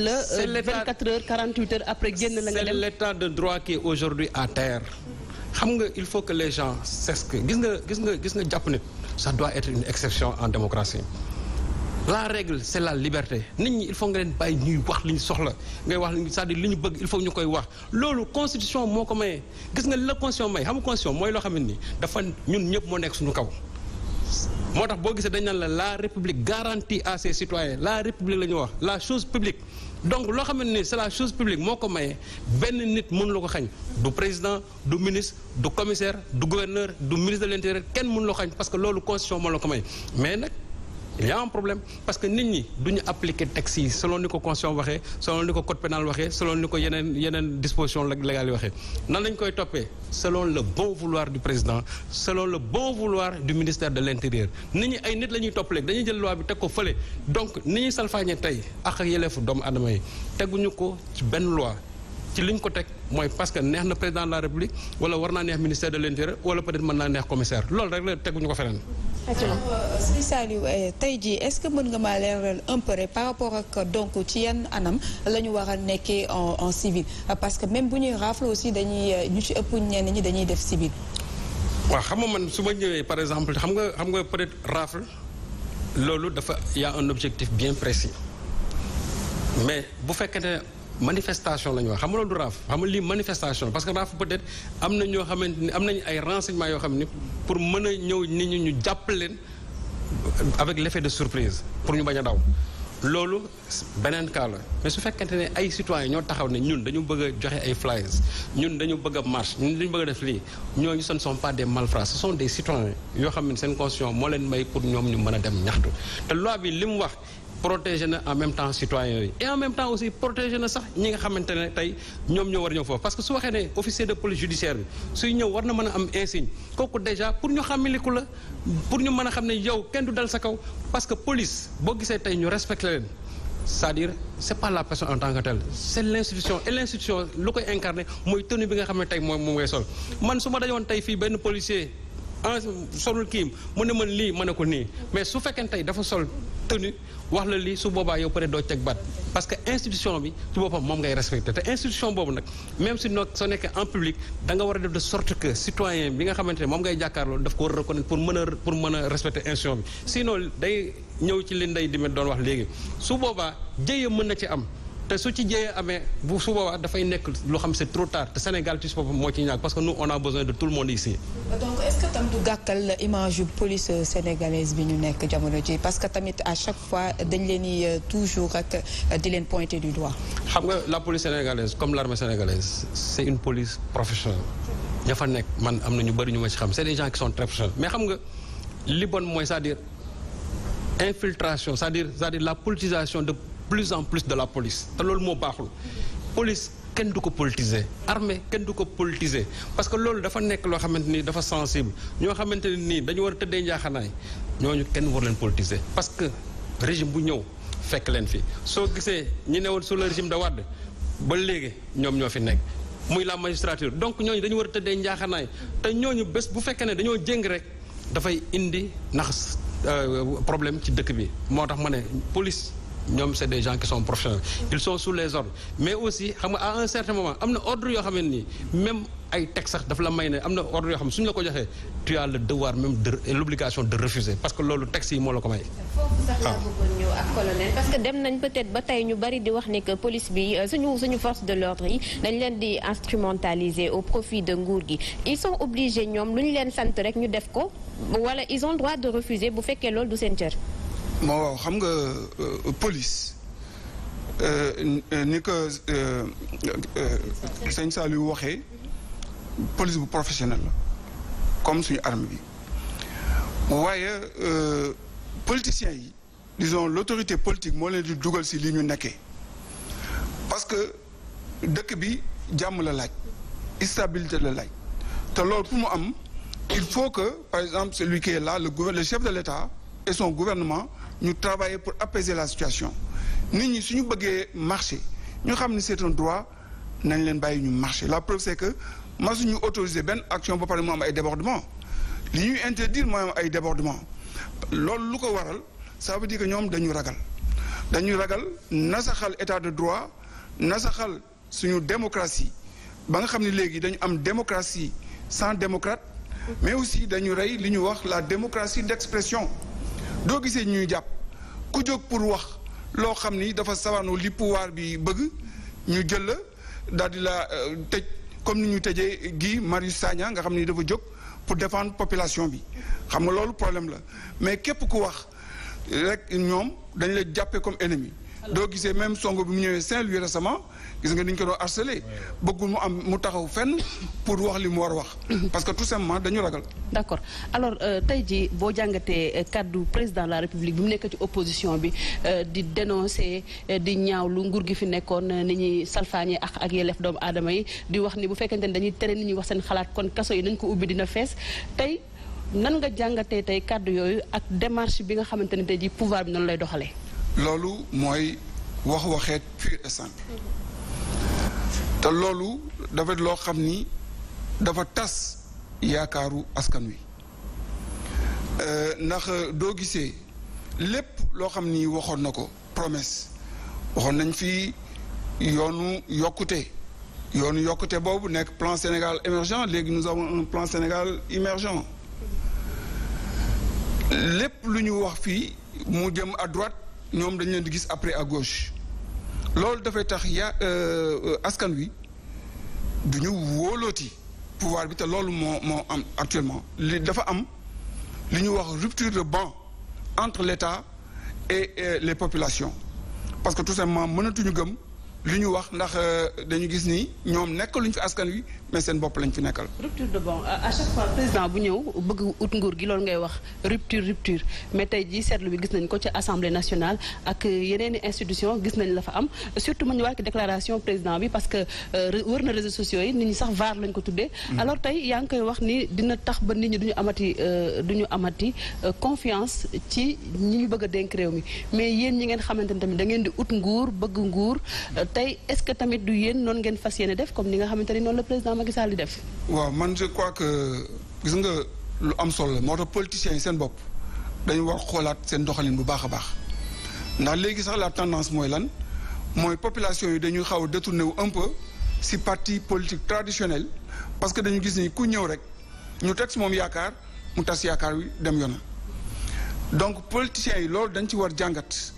[SPEAKER 3] la 24 euh, heures 48 heures après génn la nga
[SPEAKER 6] dem qui est aujourd'hui à terre xam nga il faut que les gens sachent que gis nga gis nga gis nga jàpp nit ça doit être une exception en démocratie la règle c'est la liberté nit ñi il faut nga leen bàyyi ñuy wax li ñu soxla ngay wax cest à li ñu bëgg il faut ñu koy wax loolu constitution moo ko mayee gis nga li la constitution may xam nga constitution mooy loo xam ne ni dafa ñun ñëpp moo nekk suñu kaw moo tax boo gisee dañ naan la la république garantie à ses citoyens la république la ñu wax la chose publique donc loo xamante ni c'est la chose publique moo ko mayee benn nit mënu la ko xañ du président du ministre du commissaire du gouverneur du ministre de l'intérieur kenn mënu la ko xañ parce que loolu constitution moo la ko may mais nag il y problème parce que nit ñi duñu ñu appliquer texte yi selon ni ko constitution waxee selon ni ko code pénal waxee selon ni ko yeneen yeneen disposition légale yi waxee nan lañ koy toppee selon le bon vouloir du président selon le bon vouloir du ministère de l' intérieur nit ñi ay nit la ñuy topp dañuy jël loi bi teg ko fële donc ni ñuy salfaañe tey ak ak yeleefu doomu aadama yi teguñu ko ci benn loi ci li ko teg mooy parce neex na président de la république wala war naa neex ministère de l' intérieur wala peut loolu rek la teguñu ko feneen
[SPEAKER 5] sëñ Saliou eh, tey ji est-ce que mën nga maa leeral un peu par rapport ak donc ci yan anam la ñu war a nekkee en en civil parce que même bu ñuy rafle aussi dañuy eh, ñu ci ëpp ñenn ñi dañuy def civil.
[SPEAKER 6] waaw xam nga man su ma ñëwee par exemple xam nga xam nga peut-être rafle loolu dafa y a un objectif bien précis mais bu fekkee ne manifestation lañu ñu wax xam nga loolu du raaf xam lii manifestation parce que raaf peut-être am na ñoo xamante ni am nañu ay renseignements yoo xam ni pour mën a ñëw nit ñi ñu jàpp leen avec lefet de surprise pour ñu bañ a daw. loolu beneen cas la mais su fekkente ne ay citoyens ñoo taxaw ne ñun dañu bëgg joxe ay flyers ñun dañu bëgg a marche ñun dañu bëgg a def lii ñoo ce seen sont pas des malfrats ce sont des citoyens yoo xam ne seen constitution moo leen may pour ñoom ñu mën a dem ñaxtu te li mu wax. protéger na en même temps citoyens yi et en même temps aussi protéger na sax ñi nga xamante ne tey ñoom ñoo war ñëw foofu parce que su waxee ne officier de police judiciaire bi suy ñëw war na mën a am insigne kooku déjà pour ñu xamiliku la pour ñu mën a xam ne yow kenn du dal sa kaw parce que police boo gisee tey ñu respecté leen cest dire c'est pas la personne en tant que telle c'est l'institution et lu koy incarné mooy tenue bi nga xam ne tey moom moom ngay man su ma dajoon tey fii benn policier un ah, solul kii mu ne ma lii ma ne ko nii mais su fekkee dafa sol tenu wax la lii su boobaa yow peut-être doo teg baat parce que institution bi ci boppam moom ngay respecté te institution boobu nag même si noo soo nekkee en public danga war a def de sorte que citoyen bi nga xamante ne moom ngay jàkkaarloo daf ko war a reconnaître pour mën a pour mën a respecter institution bi no day ñëw ci li nday di doon wax léegi su boobaa jëye mën na ci am te su ci jëyee amee bu su boobaa dafay nekk loo xam c'est trop tard te Sénégal ci boppam moo ci ñàkk parce que nous on a besoin de tout le monde ici.
[SPEAKER 5] donc est bi ñu nekk jamono ji parce que tamit à chaque fois dañ leen di euh, toujours rek euh, di leen pointer du doigt.
[SPEAKER 6] xam nga la police sénégalaise comme l'armée sénégalaise c'est une police professionnelle. ña fa nekk man am na ñu bari ñu ma ci xam c'est des gens qui sont très professionnels mais xam nga li bon mooy c'est-à-dire infiltration dire cest la politisation de. plus en plus de la police te loolu moo baaxul police kenn du ko politiser armée kenn du ko politiser parce que loolu dafa nekk loo xamante ni dafa sensible ñoo xamante ne nii dañu war a tëddee njaaxanaay ñooñu kenn war leen politiser parce que régime bu ñëw fekk leen fi soo gisee ñu newoon sur le régime de Wade ba léegi ñoom ñoo fi nekk muy la magistrature donc ñooñu dañu war a tëddee njaaxanaay te ñoo ñu bés bu fekkee ne dañoo jëng rek dafay indi nax euh, problème ci dëkk bi moo tax ma ne police ñoom c' est des gens qui sont professionnels ils sont sous les ordres mais aussi xam nga à un certain moment am na ordre yoo xam ne nii même ay teg sax dafa la may ne am na ordre yoo xam ne suñu la ko joxee tu as le devoir même de l' obligation de refuser parce que loolu texte yi moo la ko may. Ah.
[SPEAKER 1] parce que dem nañ peut-être ba tey ñu bari di wax ne que police bi euh, suñu suñu force de l'ordre yi dañ leen di instrumentaliser au profit de nguur gi ils sont obligés ñoom lu ñu leen sant rek ñu def ko wala ils ont le droit loolu du seen
[SPEAKER 2] moo waaw xam nga euh, police euh, ni ko euh, sëñ Saliou waxee police bu professionnel la comme suñu armée bi waaye politiciens yi disons l'autorité politique moo leen di dugal si li ñu nekkee parce que dëkk bi jàmm la laaj stabilité la laaj te loolu pour mu am il faut que par exemple celui qui est là le le chef de l'État et son gouvernement ñu travailler pour apaiser la situation nit ñi suñu bëggee marché ñu xam ni c'est un droit nañ leen bàyyi ñu marché la preuve c'est que masuñu autoriser benn action ba pare moom ay débordement li ñuy interdire mooy ay débordement loolu lu ko waral ça veut dire que ñoom dañu ragal dañu ragal nasaxal état de droit nasaxal suñu démocratie ba nga xam ne léegi dañu am démocratie sans démocrate mais aussi dañu rey li ñu wax la démocratie d'expression doo gisee ñuy jàpp ku jóg pour wax loo xam ni dafa sawaanoo li pouvoir bi bëgg ñu jël la daal di la euh, tëj comme ni ñu tëjee Guy Marius Sagna nga xam ni dafa jóg pour défendre population bi xam nga loolu problème la mais képp ku wax rek ñoom dañ la jàppee comme ennemi doo gisee même songo bi mu ñëwee Saint-Louis récemment gis nga ni ko doon harcelé bëggul mu am mu taxaw fenn pour wax li mu war wax parce que tout simplement dañu ragal. d' accord
[SPEAKER 3] alors euh, tey jii boo jàngatee euh, kàddu président de la république bi mu nekk ci opposition bi euh, di dénoncer di ñaaw lu nguur gi fi nekkoon ni ñuy salfaañee ak ak yelleef doomu aadama yi di wax ni bu fekkente ne dañuy tere ni ñuy wax seen xalaat kon kaso yi nañ ko ubbi dina fees tey nan nga jàngatee tey kàddu yooyu ak démarche bi nga xamante ne tey jii pouvoir bi noonu lay doxalee.
[SPEAKER 2] loolu mooy wax waxeet pur et simple. te loolu dafa loo xam ni dafa tas yaakaaru askan wi euh, ndax doo gisee lépp loo xam ni waxoon na ko promesse waxoon nañ fi yoonu yokkute yoonu yokkute boobu nekk plan Sénégal émergent léegi nous avons plan Sénégal émergent lépp lu ñu wax fii mu jëm à droite ñoom dañ leen di gis après à gauche loolu dafay tax ya euh, askan wi du ñu wóolooti pouvoir bi te loolu moo moo am actuellement li dafa am li ñu wax rupture de banc entre l'État et euh, les populations parce que tout simplement mënatuñu gëm li ñu wax ndax euh, dañu gis ni ñoom nekk luñ fi askan wi mais seen bopp lañ fi nekkal.
[SPEAKER 3] rupture de bon à chaque fois président bu ñëw bëgg ut nguur gi loolu ngay wax rupture rupture mais tey jii seetlu bi gis nañ ko ci assemblée nationale ak yeneen i institution gis nañ la fa am surtout mu ñëwaat ci déclaration président bi parce que euh, wër na réseaux sociaux yi nit ñi sax vaar lañ ko tuddee. Mm-hmm. alors tey yaa ngi koy wax ni dina tax ba nit ñi du ñu amati euh, du ñu amati euh, confiance ci ñi ñu bëgg a dénk réew mi mais yéen ñi ngeen xamante ni tamit da ngeen di ut nguur bëgg nguur tey est-ce que tamit du yéen Macky Sall di def.
[SPEAKER 2] waaw man je crois que gis nga lu am solo la moo tax politiciens yi seen bopp dañu war xoolaat seen doxalin bu baax a baax ndax léegi sax la tendance mooy lan mooy population yi dañuy xaw a détourné wu un peu si parti politique traditionnel parce que dañu gis ni ku ñëw rek ñu teg si moom yaakaar mu tas yaakaar wi dem yoona donc politiciens yi lool dañ ci war jàngat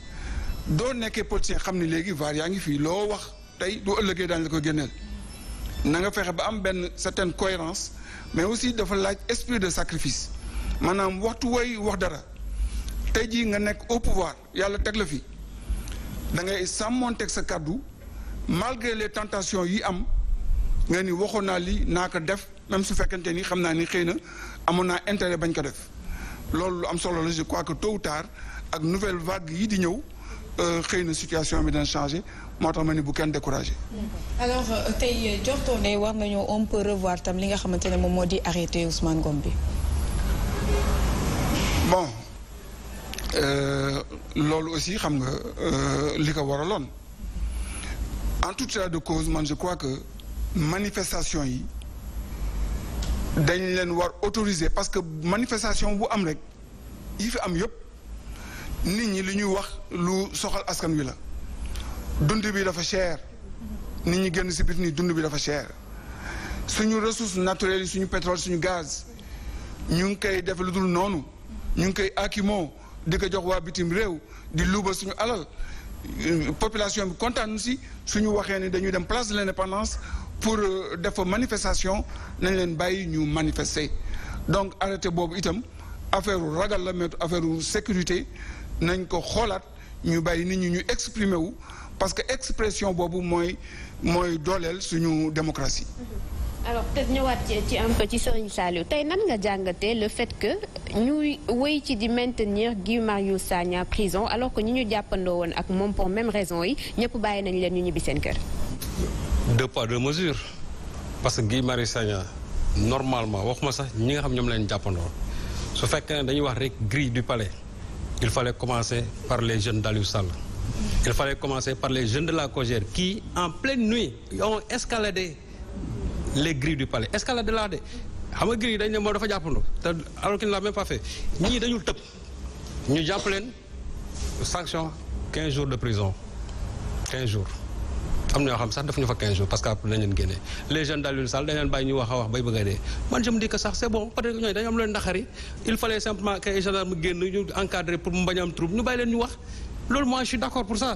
[SPEAKER 2] doo nekkee politicien xam ni léegi var yaa ngi fii loo wax tey du ëllëgee daañu la ko génneel na nga fexe ba am benn certaine cohérence mais aussi dafa laaj esprit de sacrifice maanaam waxtu woy wax dara tey jii nga nekk au yàlla teg la fi da ngay teg sa kàddu malgré les tentations yi am nga ni waxoon naa lii naa ko def même su fekkente ni xam naa ni xëy na amoon naa intérêt bañ ko def loolu lu am solo la je crois que tout ou tard ak nouvelle vague yi di ñëw euh, xëy na situation bi dana changé moo tax ma ni bu kenn découragé.
[SPEAKER 5] alors euh, tey jortoon euh, ne war nañoo on peut revoir tam li nga xamante ne moom moo di arrêté Ousmane Ngom bi.
[SPEAKER 2] bon euh, loolu aussi xam nga li ko waraloon en tout état de cause man je crois que manifestation yi dañ leen war autoriser parce que manifestation bu am rek yi fi am yëpp nit ñi li ñuy wax lu soxal askan wi la. dund bi dafa cher nit ñi génn si bit nii dund bi dafa chair suñu ressource naturelles suñu pétrole suñu gaz ñu ngi koy def ludul noonu ñu ngi koy akimoo di ko jox waa bitim réew di luuba suñu alal population bi kontaan si suñu waxee ni dañuy dem place de l'indépendance pour euh, def fa manifestation nañ leen bàyyi ñu manifester donc arrêté boobu itam affaire ragal la mais affaire sécurité nañ ko xoolaat ñu bàyyi nit ñi ñu exprimer wu parce que expression boobu mooy mooy dooleel suñu démocratie.
[SPEAKER 1] Mhm. alors peut-être ñëwaat ci un ci Serigne Saliou tey nan nga jàngatee le fait que ñuy wéy ci di maintenir Guy Marius Sagna prison alors que ñu ñu jàppandoo woon ak moom pour même raison yi ñëpp bàyyi nañ leen ñu ñibbi seen kër.
[SPEAKER 6] de poids de mesures parce que Guy Marius Sagna normalement waxuma sax ñi nga xam ñoom leen jàppandoo su fekkee ne dañuy wax rek grille du palais il fallait commencer par les jeunes d'Aliou Sall. Il fallait commencer par les jeunes de la COJER qui, en pleine nuit, ont escaladé les grilles du palais. Escaladé laa de xam nga grilles yi dañ ne moo dafa jàppandu te alors qu'il ne l'a même pas fait ñii dañu tëb ñu jàpp leen sanction 15 jours de prison 15 jours. am na xam sax daf ñu fa 15 jours parce que après dañ leen génne les jeunes d'Aliou Sall dañ leen bàyyi ñu wax a wax bay bëgg dee man je me sax c'est bon peut que les gendarmes am trouble wax. loolu moi je suis d'accord pour ça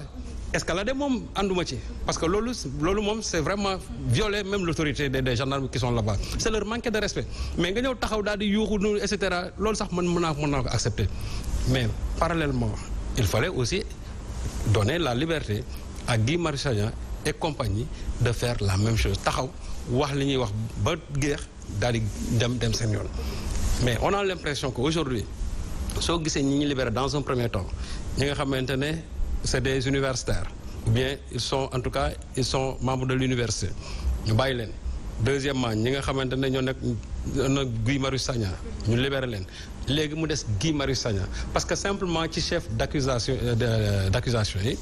[SPEAKER 6] escalade moom ànduma ci parce que loolu loolu moom c'est vraiment violer même l'autorité des des gendarmes qui sont là-bas c'est leur manque de respect mais nga ñëw taxaw daal di yuuxu nu et cetera loolu sax man mën naa mën naa accepter mais parallèlement il fallait aussi donner la liberté ak Guy Marius Sagna et compagnie de faire la même chose taxaw wax li ñuy wax ba géex daal di dem dem seen yoon mais on a l'impression qu'aujourd'hui soo gisee ñi ñu libéré dans un premier temps ñi nga xamante ne c'est des universitaires ou bien ils sont en tout cas ils sont membres de l'université ñu bàyyi leen deuxièmement ñi nga xamante ne ñoo nekk na Guy Marius Sagna ñu libéré leen léegi mu des Guy Marius saña parce que simplement ci chef d'accusation euh, euh, d'accusation yi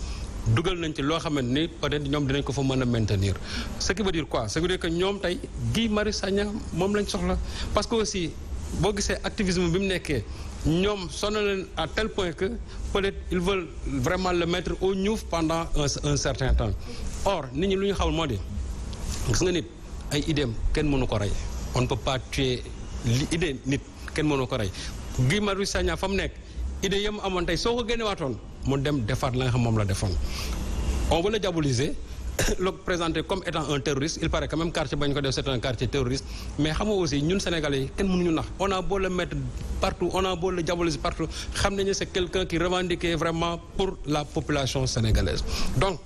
[SPEAKER 6] dugal nañ ci loo xamant ni peut ñoom dinañ ko fa mën a maintenir ce qui veut dire quoi ce que ñoom tey Guy Marius Sagna moom lañ soxla parce que aussi boo gisee activisme bi mu nekkee ñoom sonal leen à tel point que peut-être ils vraiment le mettre au ñuuf pendant un, un certain temps or nit ñi lu ñu xamul moo di gis nga nit ay idéem kenn mënu ko rey on ne peut pas li idée nit kenn mënu ko rey Guy Marius Sagna fa mu nekk idée yam amoon tey soo ko génnewaatoon mu dem defaat la nga xam moom la defoon on veut le diaboliser <coughs> le présenter comme étant un terroriste il paraît quand même quartier ba ko def c'est un quartier terroriste mais xam nga aussi ñun sénégalais yi kenn mënuñu nax on a beau le mettre partout on a beau le diaboliser partout xam nañu c'est quelqu'un qui revendiquait vraiment pour la population sénégalaise donc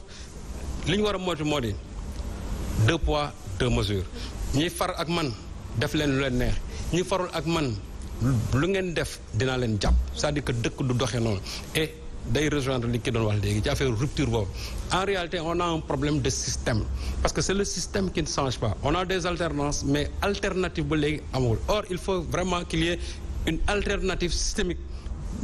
[SPEAKER 6] li ñu war a moytu moo deux poids deux mesures ñi far ak man def leen lu leen neex ñi farul ak man lu ngeen def dinaa leen jàpp cest à que dëkk du doxee noonu day rejoindre li ki doon wax léegi ci affaire rupture boobu en réalité on a un problème de système parce que c'est le système qui ne change pas on a des alternances mais alternative ba léegi amul or il faut vraiment qu'il y ait une alternative systémique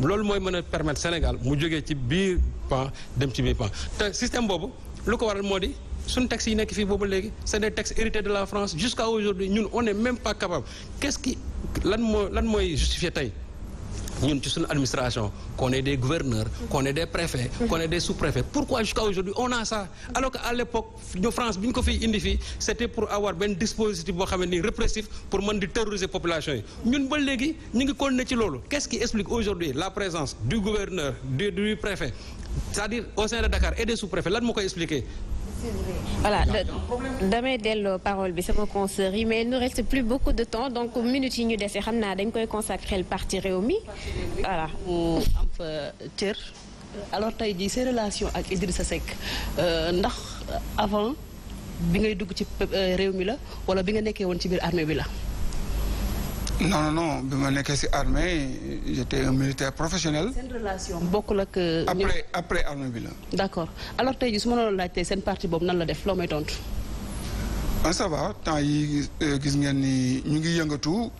[SPEAKER 6] loolu mooy mën a permettre Sénégal mu jógee ci biir pan dem ci biir pan te système boobu lu ko waral moo di suñu textes yi nekk fii boobu léegi c'est des textes hérités de la France jusqu'à aujourd'hui ñun on n'est même pas capable qu'est-ce lan moo lan mooy justifier tey ñun ci suñu administration qu'on ait des gouverneurs qu'on ait des préfets des sous-préfets pourquoi jusqu'à aujourd'hui on a ça alors que à l'époque ñu France bi ñu ko fiy indi fii c'était pour avoir benn dispositif boo xam ne nii répressif pour man di terroriser population yi ñun ba léegi ñu ngi continuer ci loolu qu'est-ce qui explique aujourd'hui la présence du gouverneur du du préfet cest dire au sein de Dakar et des sous-préfets lan moo koy expliquer
[SPEAKER 1] voilà damay delloo parole bi sama conseillère yi mais il ne reste plus beaucoup de temps donc minutes yi ñu dese xam naa dañ koy consacrer le parti réew mi voilà fa cër alors tey jii ses
[SPEAKER 3] relations ak Idrissa Seck euh, ndax avant bi ngay dugg ci euh, réew mi la wala bi nga nekkee woon ci biir armée bi la
[SPEAKER 2] non non non bi ma nekkee ci armée j'étais un militaire professionnel. seen relation
[SPEAKER 3] bokkul ak. Euh, après
[SPEAKER 2] après armée bi la.
[SPEAKER 3] d'accord alors tey jii su ma la doon laajtee seen parti boobu nan la def loo may tontu.
[SPEAKER 2] ah ça temps yi euh, gis ngeen ni ñu ngi yëngatu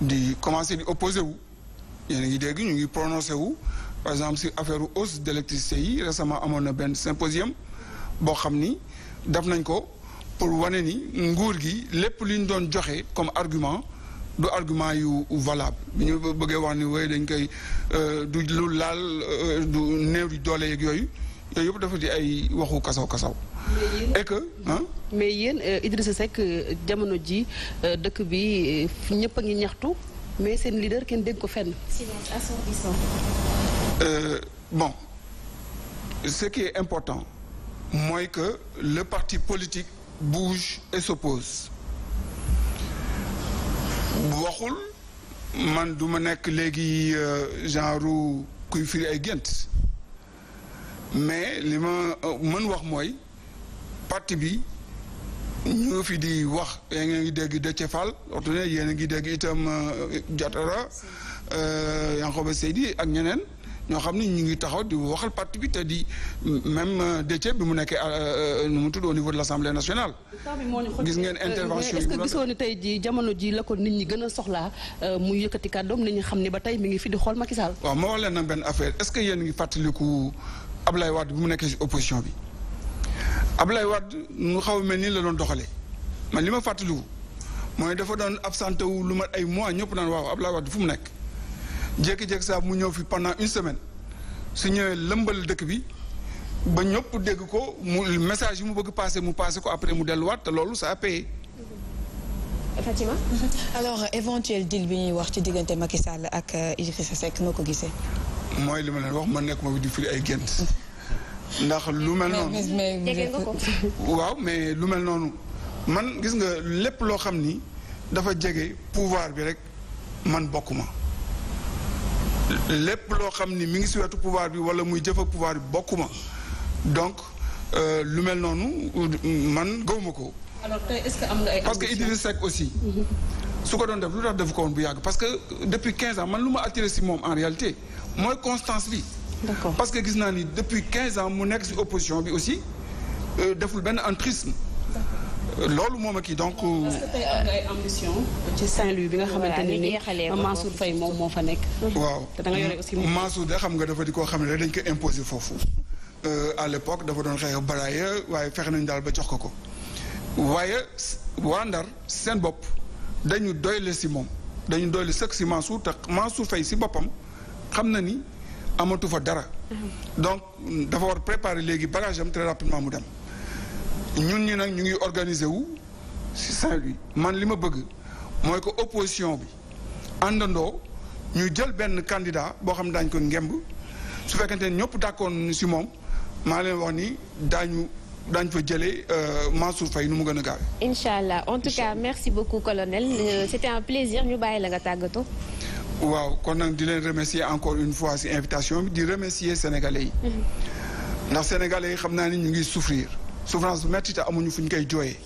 [SPEAKER 2] di commencer di opposé wu yéen a ngi dégg ñu ngi prononcé wu par exemple si affaire hausse d'électricité yi récemment amoon na benn symposium boo xam ni def nañ ko pour wane ni nguur gi lépp li doon joxe comme argument. du argument yu valable bi ñu bëggee wax ni wooy dañ koy euh, du lu laal euh, du néew di doole yeeg yooyu yooyu yëpp dafa di ay waxu kasaw kasaw
[SPEAKER 3] et que ah mais yéen euh, Idrissa Seck jamono ji dëkk bi ñëpp a ngi ñaxtu mais seen leader kenn dégg ko fenn silence
[SPEAKER 1] assourdissant
[SPEAKER 2] bon ce qui est important mooy que le parti politique bouge et s'oppose waxul man du ma nekk léegi euh, genre kuy firi ay gént mais li ma euh, mën wax mooy parti bi ñu fi di wax yéen a ngi dégg Déthié Fall ordinaire yéen a ngi dégg itam euh, Diatara Yankhoba Seydi ak ñeneen ñoo xam ni ñu ngi taxaw di waxal parti bi te di même euh, Déthié bi mu nekkee euh, euh, nu mu tudd au niveau de l' assemblée nationale.
[SPEAKER 3] gis ngeen intervention est-ce que gisoon tey jii jamono ji la ko nit ñi gën a soxlaa muy yëkkati kàddoom nit ñi xam ne ba tey mi ngi fi di xool Macky Sall.
[SPEAKER 2] waaw ma wax leen nag benn affaire est-ce que yéen ngi fàttaliku Ablaye Wade bi mu nekkee si opposition bi Ablaye Wade nu xaw mel nii la doon doxalee man li ma fàttaliku mooy dafa doon absenté wu lu ma ay mois ñëpp naan waaw Ablaye Wade fu mu nekk. jékki-jékki saa mu ñëw fi pendant une semaine su ñëwee lëmbal dëkk bi ba ñëpp dégg ko mu message yi mu bëgg passé mu passé ko après mu delluwaat loolu ça a payé.
[SPEAKER 5] Fatima. <laughs> alors éventuel bi ñuy wax ci diggante Macky Sall ak euh, Idrissa Seck noo ko gisee.
[SPEAKER 2] mooy li ma leen wax ma nekk ma bi di firi ay gént. <laughs> ndax lu mel
[SPEAKER 4] noonu
[SPEAKER 2] waaw mais lu mel noonu man gis nga lépp loo xam ni dafa jege pouvoir bi rek man bokk ma. lépp loo xam ni mi ngi si wetu pouvoir bi wala muy jëfa pouvoir bi bokkuma donc euh, lu mel noonu man gëwuma ko.
[SPEAKER 3] alors tey am ay. parce que Idrissa
[SPEAKER 2] Seck aussi. Mm-hmm. su ko doon def lu tax def ko woon bu yàgg parce que depuis 15 ans man lu ma attiré si moom en réalité mooy constance bi. d'accord parce que gis naa ni depuis 15 ans mu nekk si opposition bi aussi euh, deful benn entrisme. loolu moom ak donc. parce euh, que
[SPEAKER 3] tey ci Saint-Louis bi nga xamante ne nii Mansour Faye moom moo fa nekk. waaw te da nga yore aussi Mansour
[SPEAKER 2] de xam nga dafa di koo xam ne dañ ko imposer foofu. Euh, à l'époque dafa doon xeex baraaya waaye fexe nañu daal ba jox ko ko waaye waa Ndar seen bopp dañu doyle si moom dañu doyle sëkk si Mansour te Mansour Faye si boppam xam na ni amatu fa dara. Mhm. donc dafa war préparer léegi bagage am très rapidement mu dem. ñun ñi nag ñu ngi organiser wu ci Saint-Louis man li ma bëgg mooy ko opposition bi àndandoo ñu jël benn candidat boo xam daañ ko ngemb su fekkente ne ñëpp d'accord ci moom maa leen wax nii daañu dañ fa jëlee euh, Mansour Faye nu mu gën a gaawee.
[SPEAKER 1] incha allah en tout cas merci beaucoup colonel euh, c'était un plaisir ñu bàyyi la nga tàggatoo.
[SPEAKER 2] waaw kon nag di leen remercier encore une fois ci invitation bi di remercier sénégalais yi. Mm-hmm. ndax sénégalais yi xam naa ni ñu ngi souffrir. souffrance bu métti te amuñu fu ñu koy jooyee.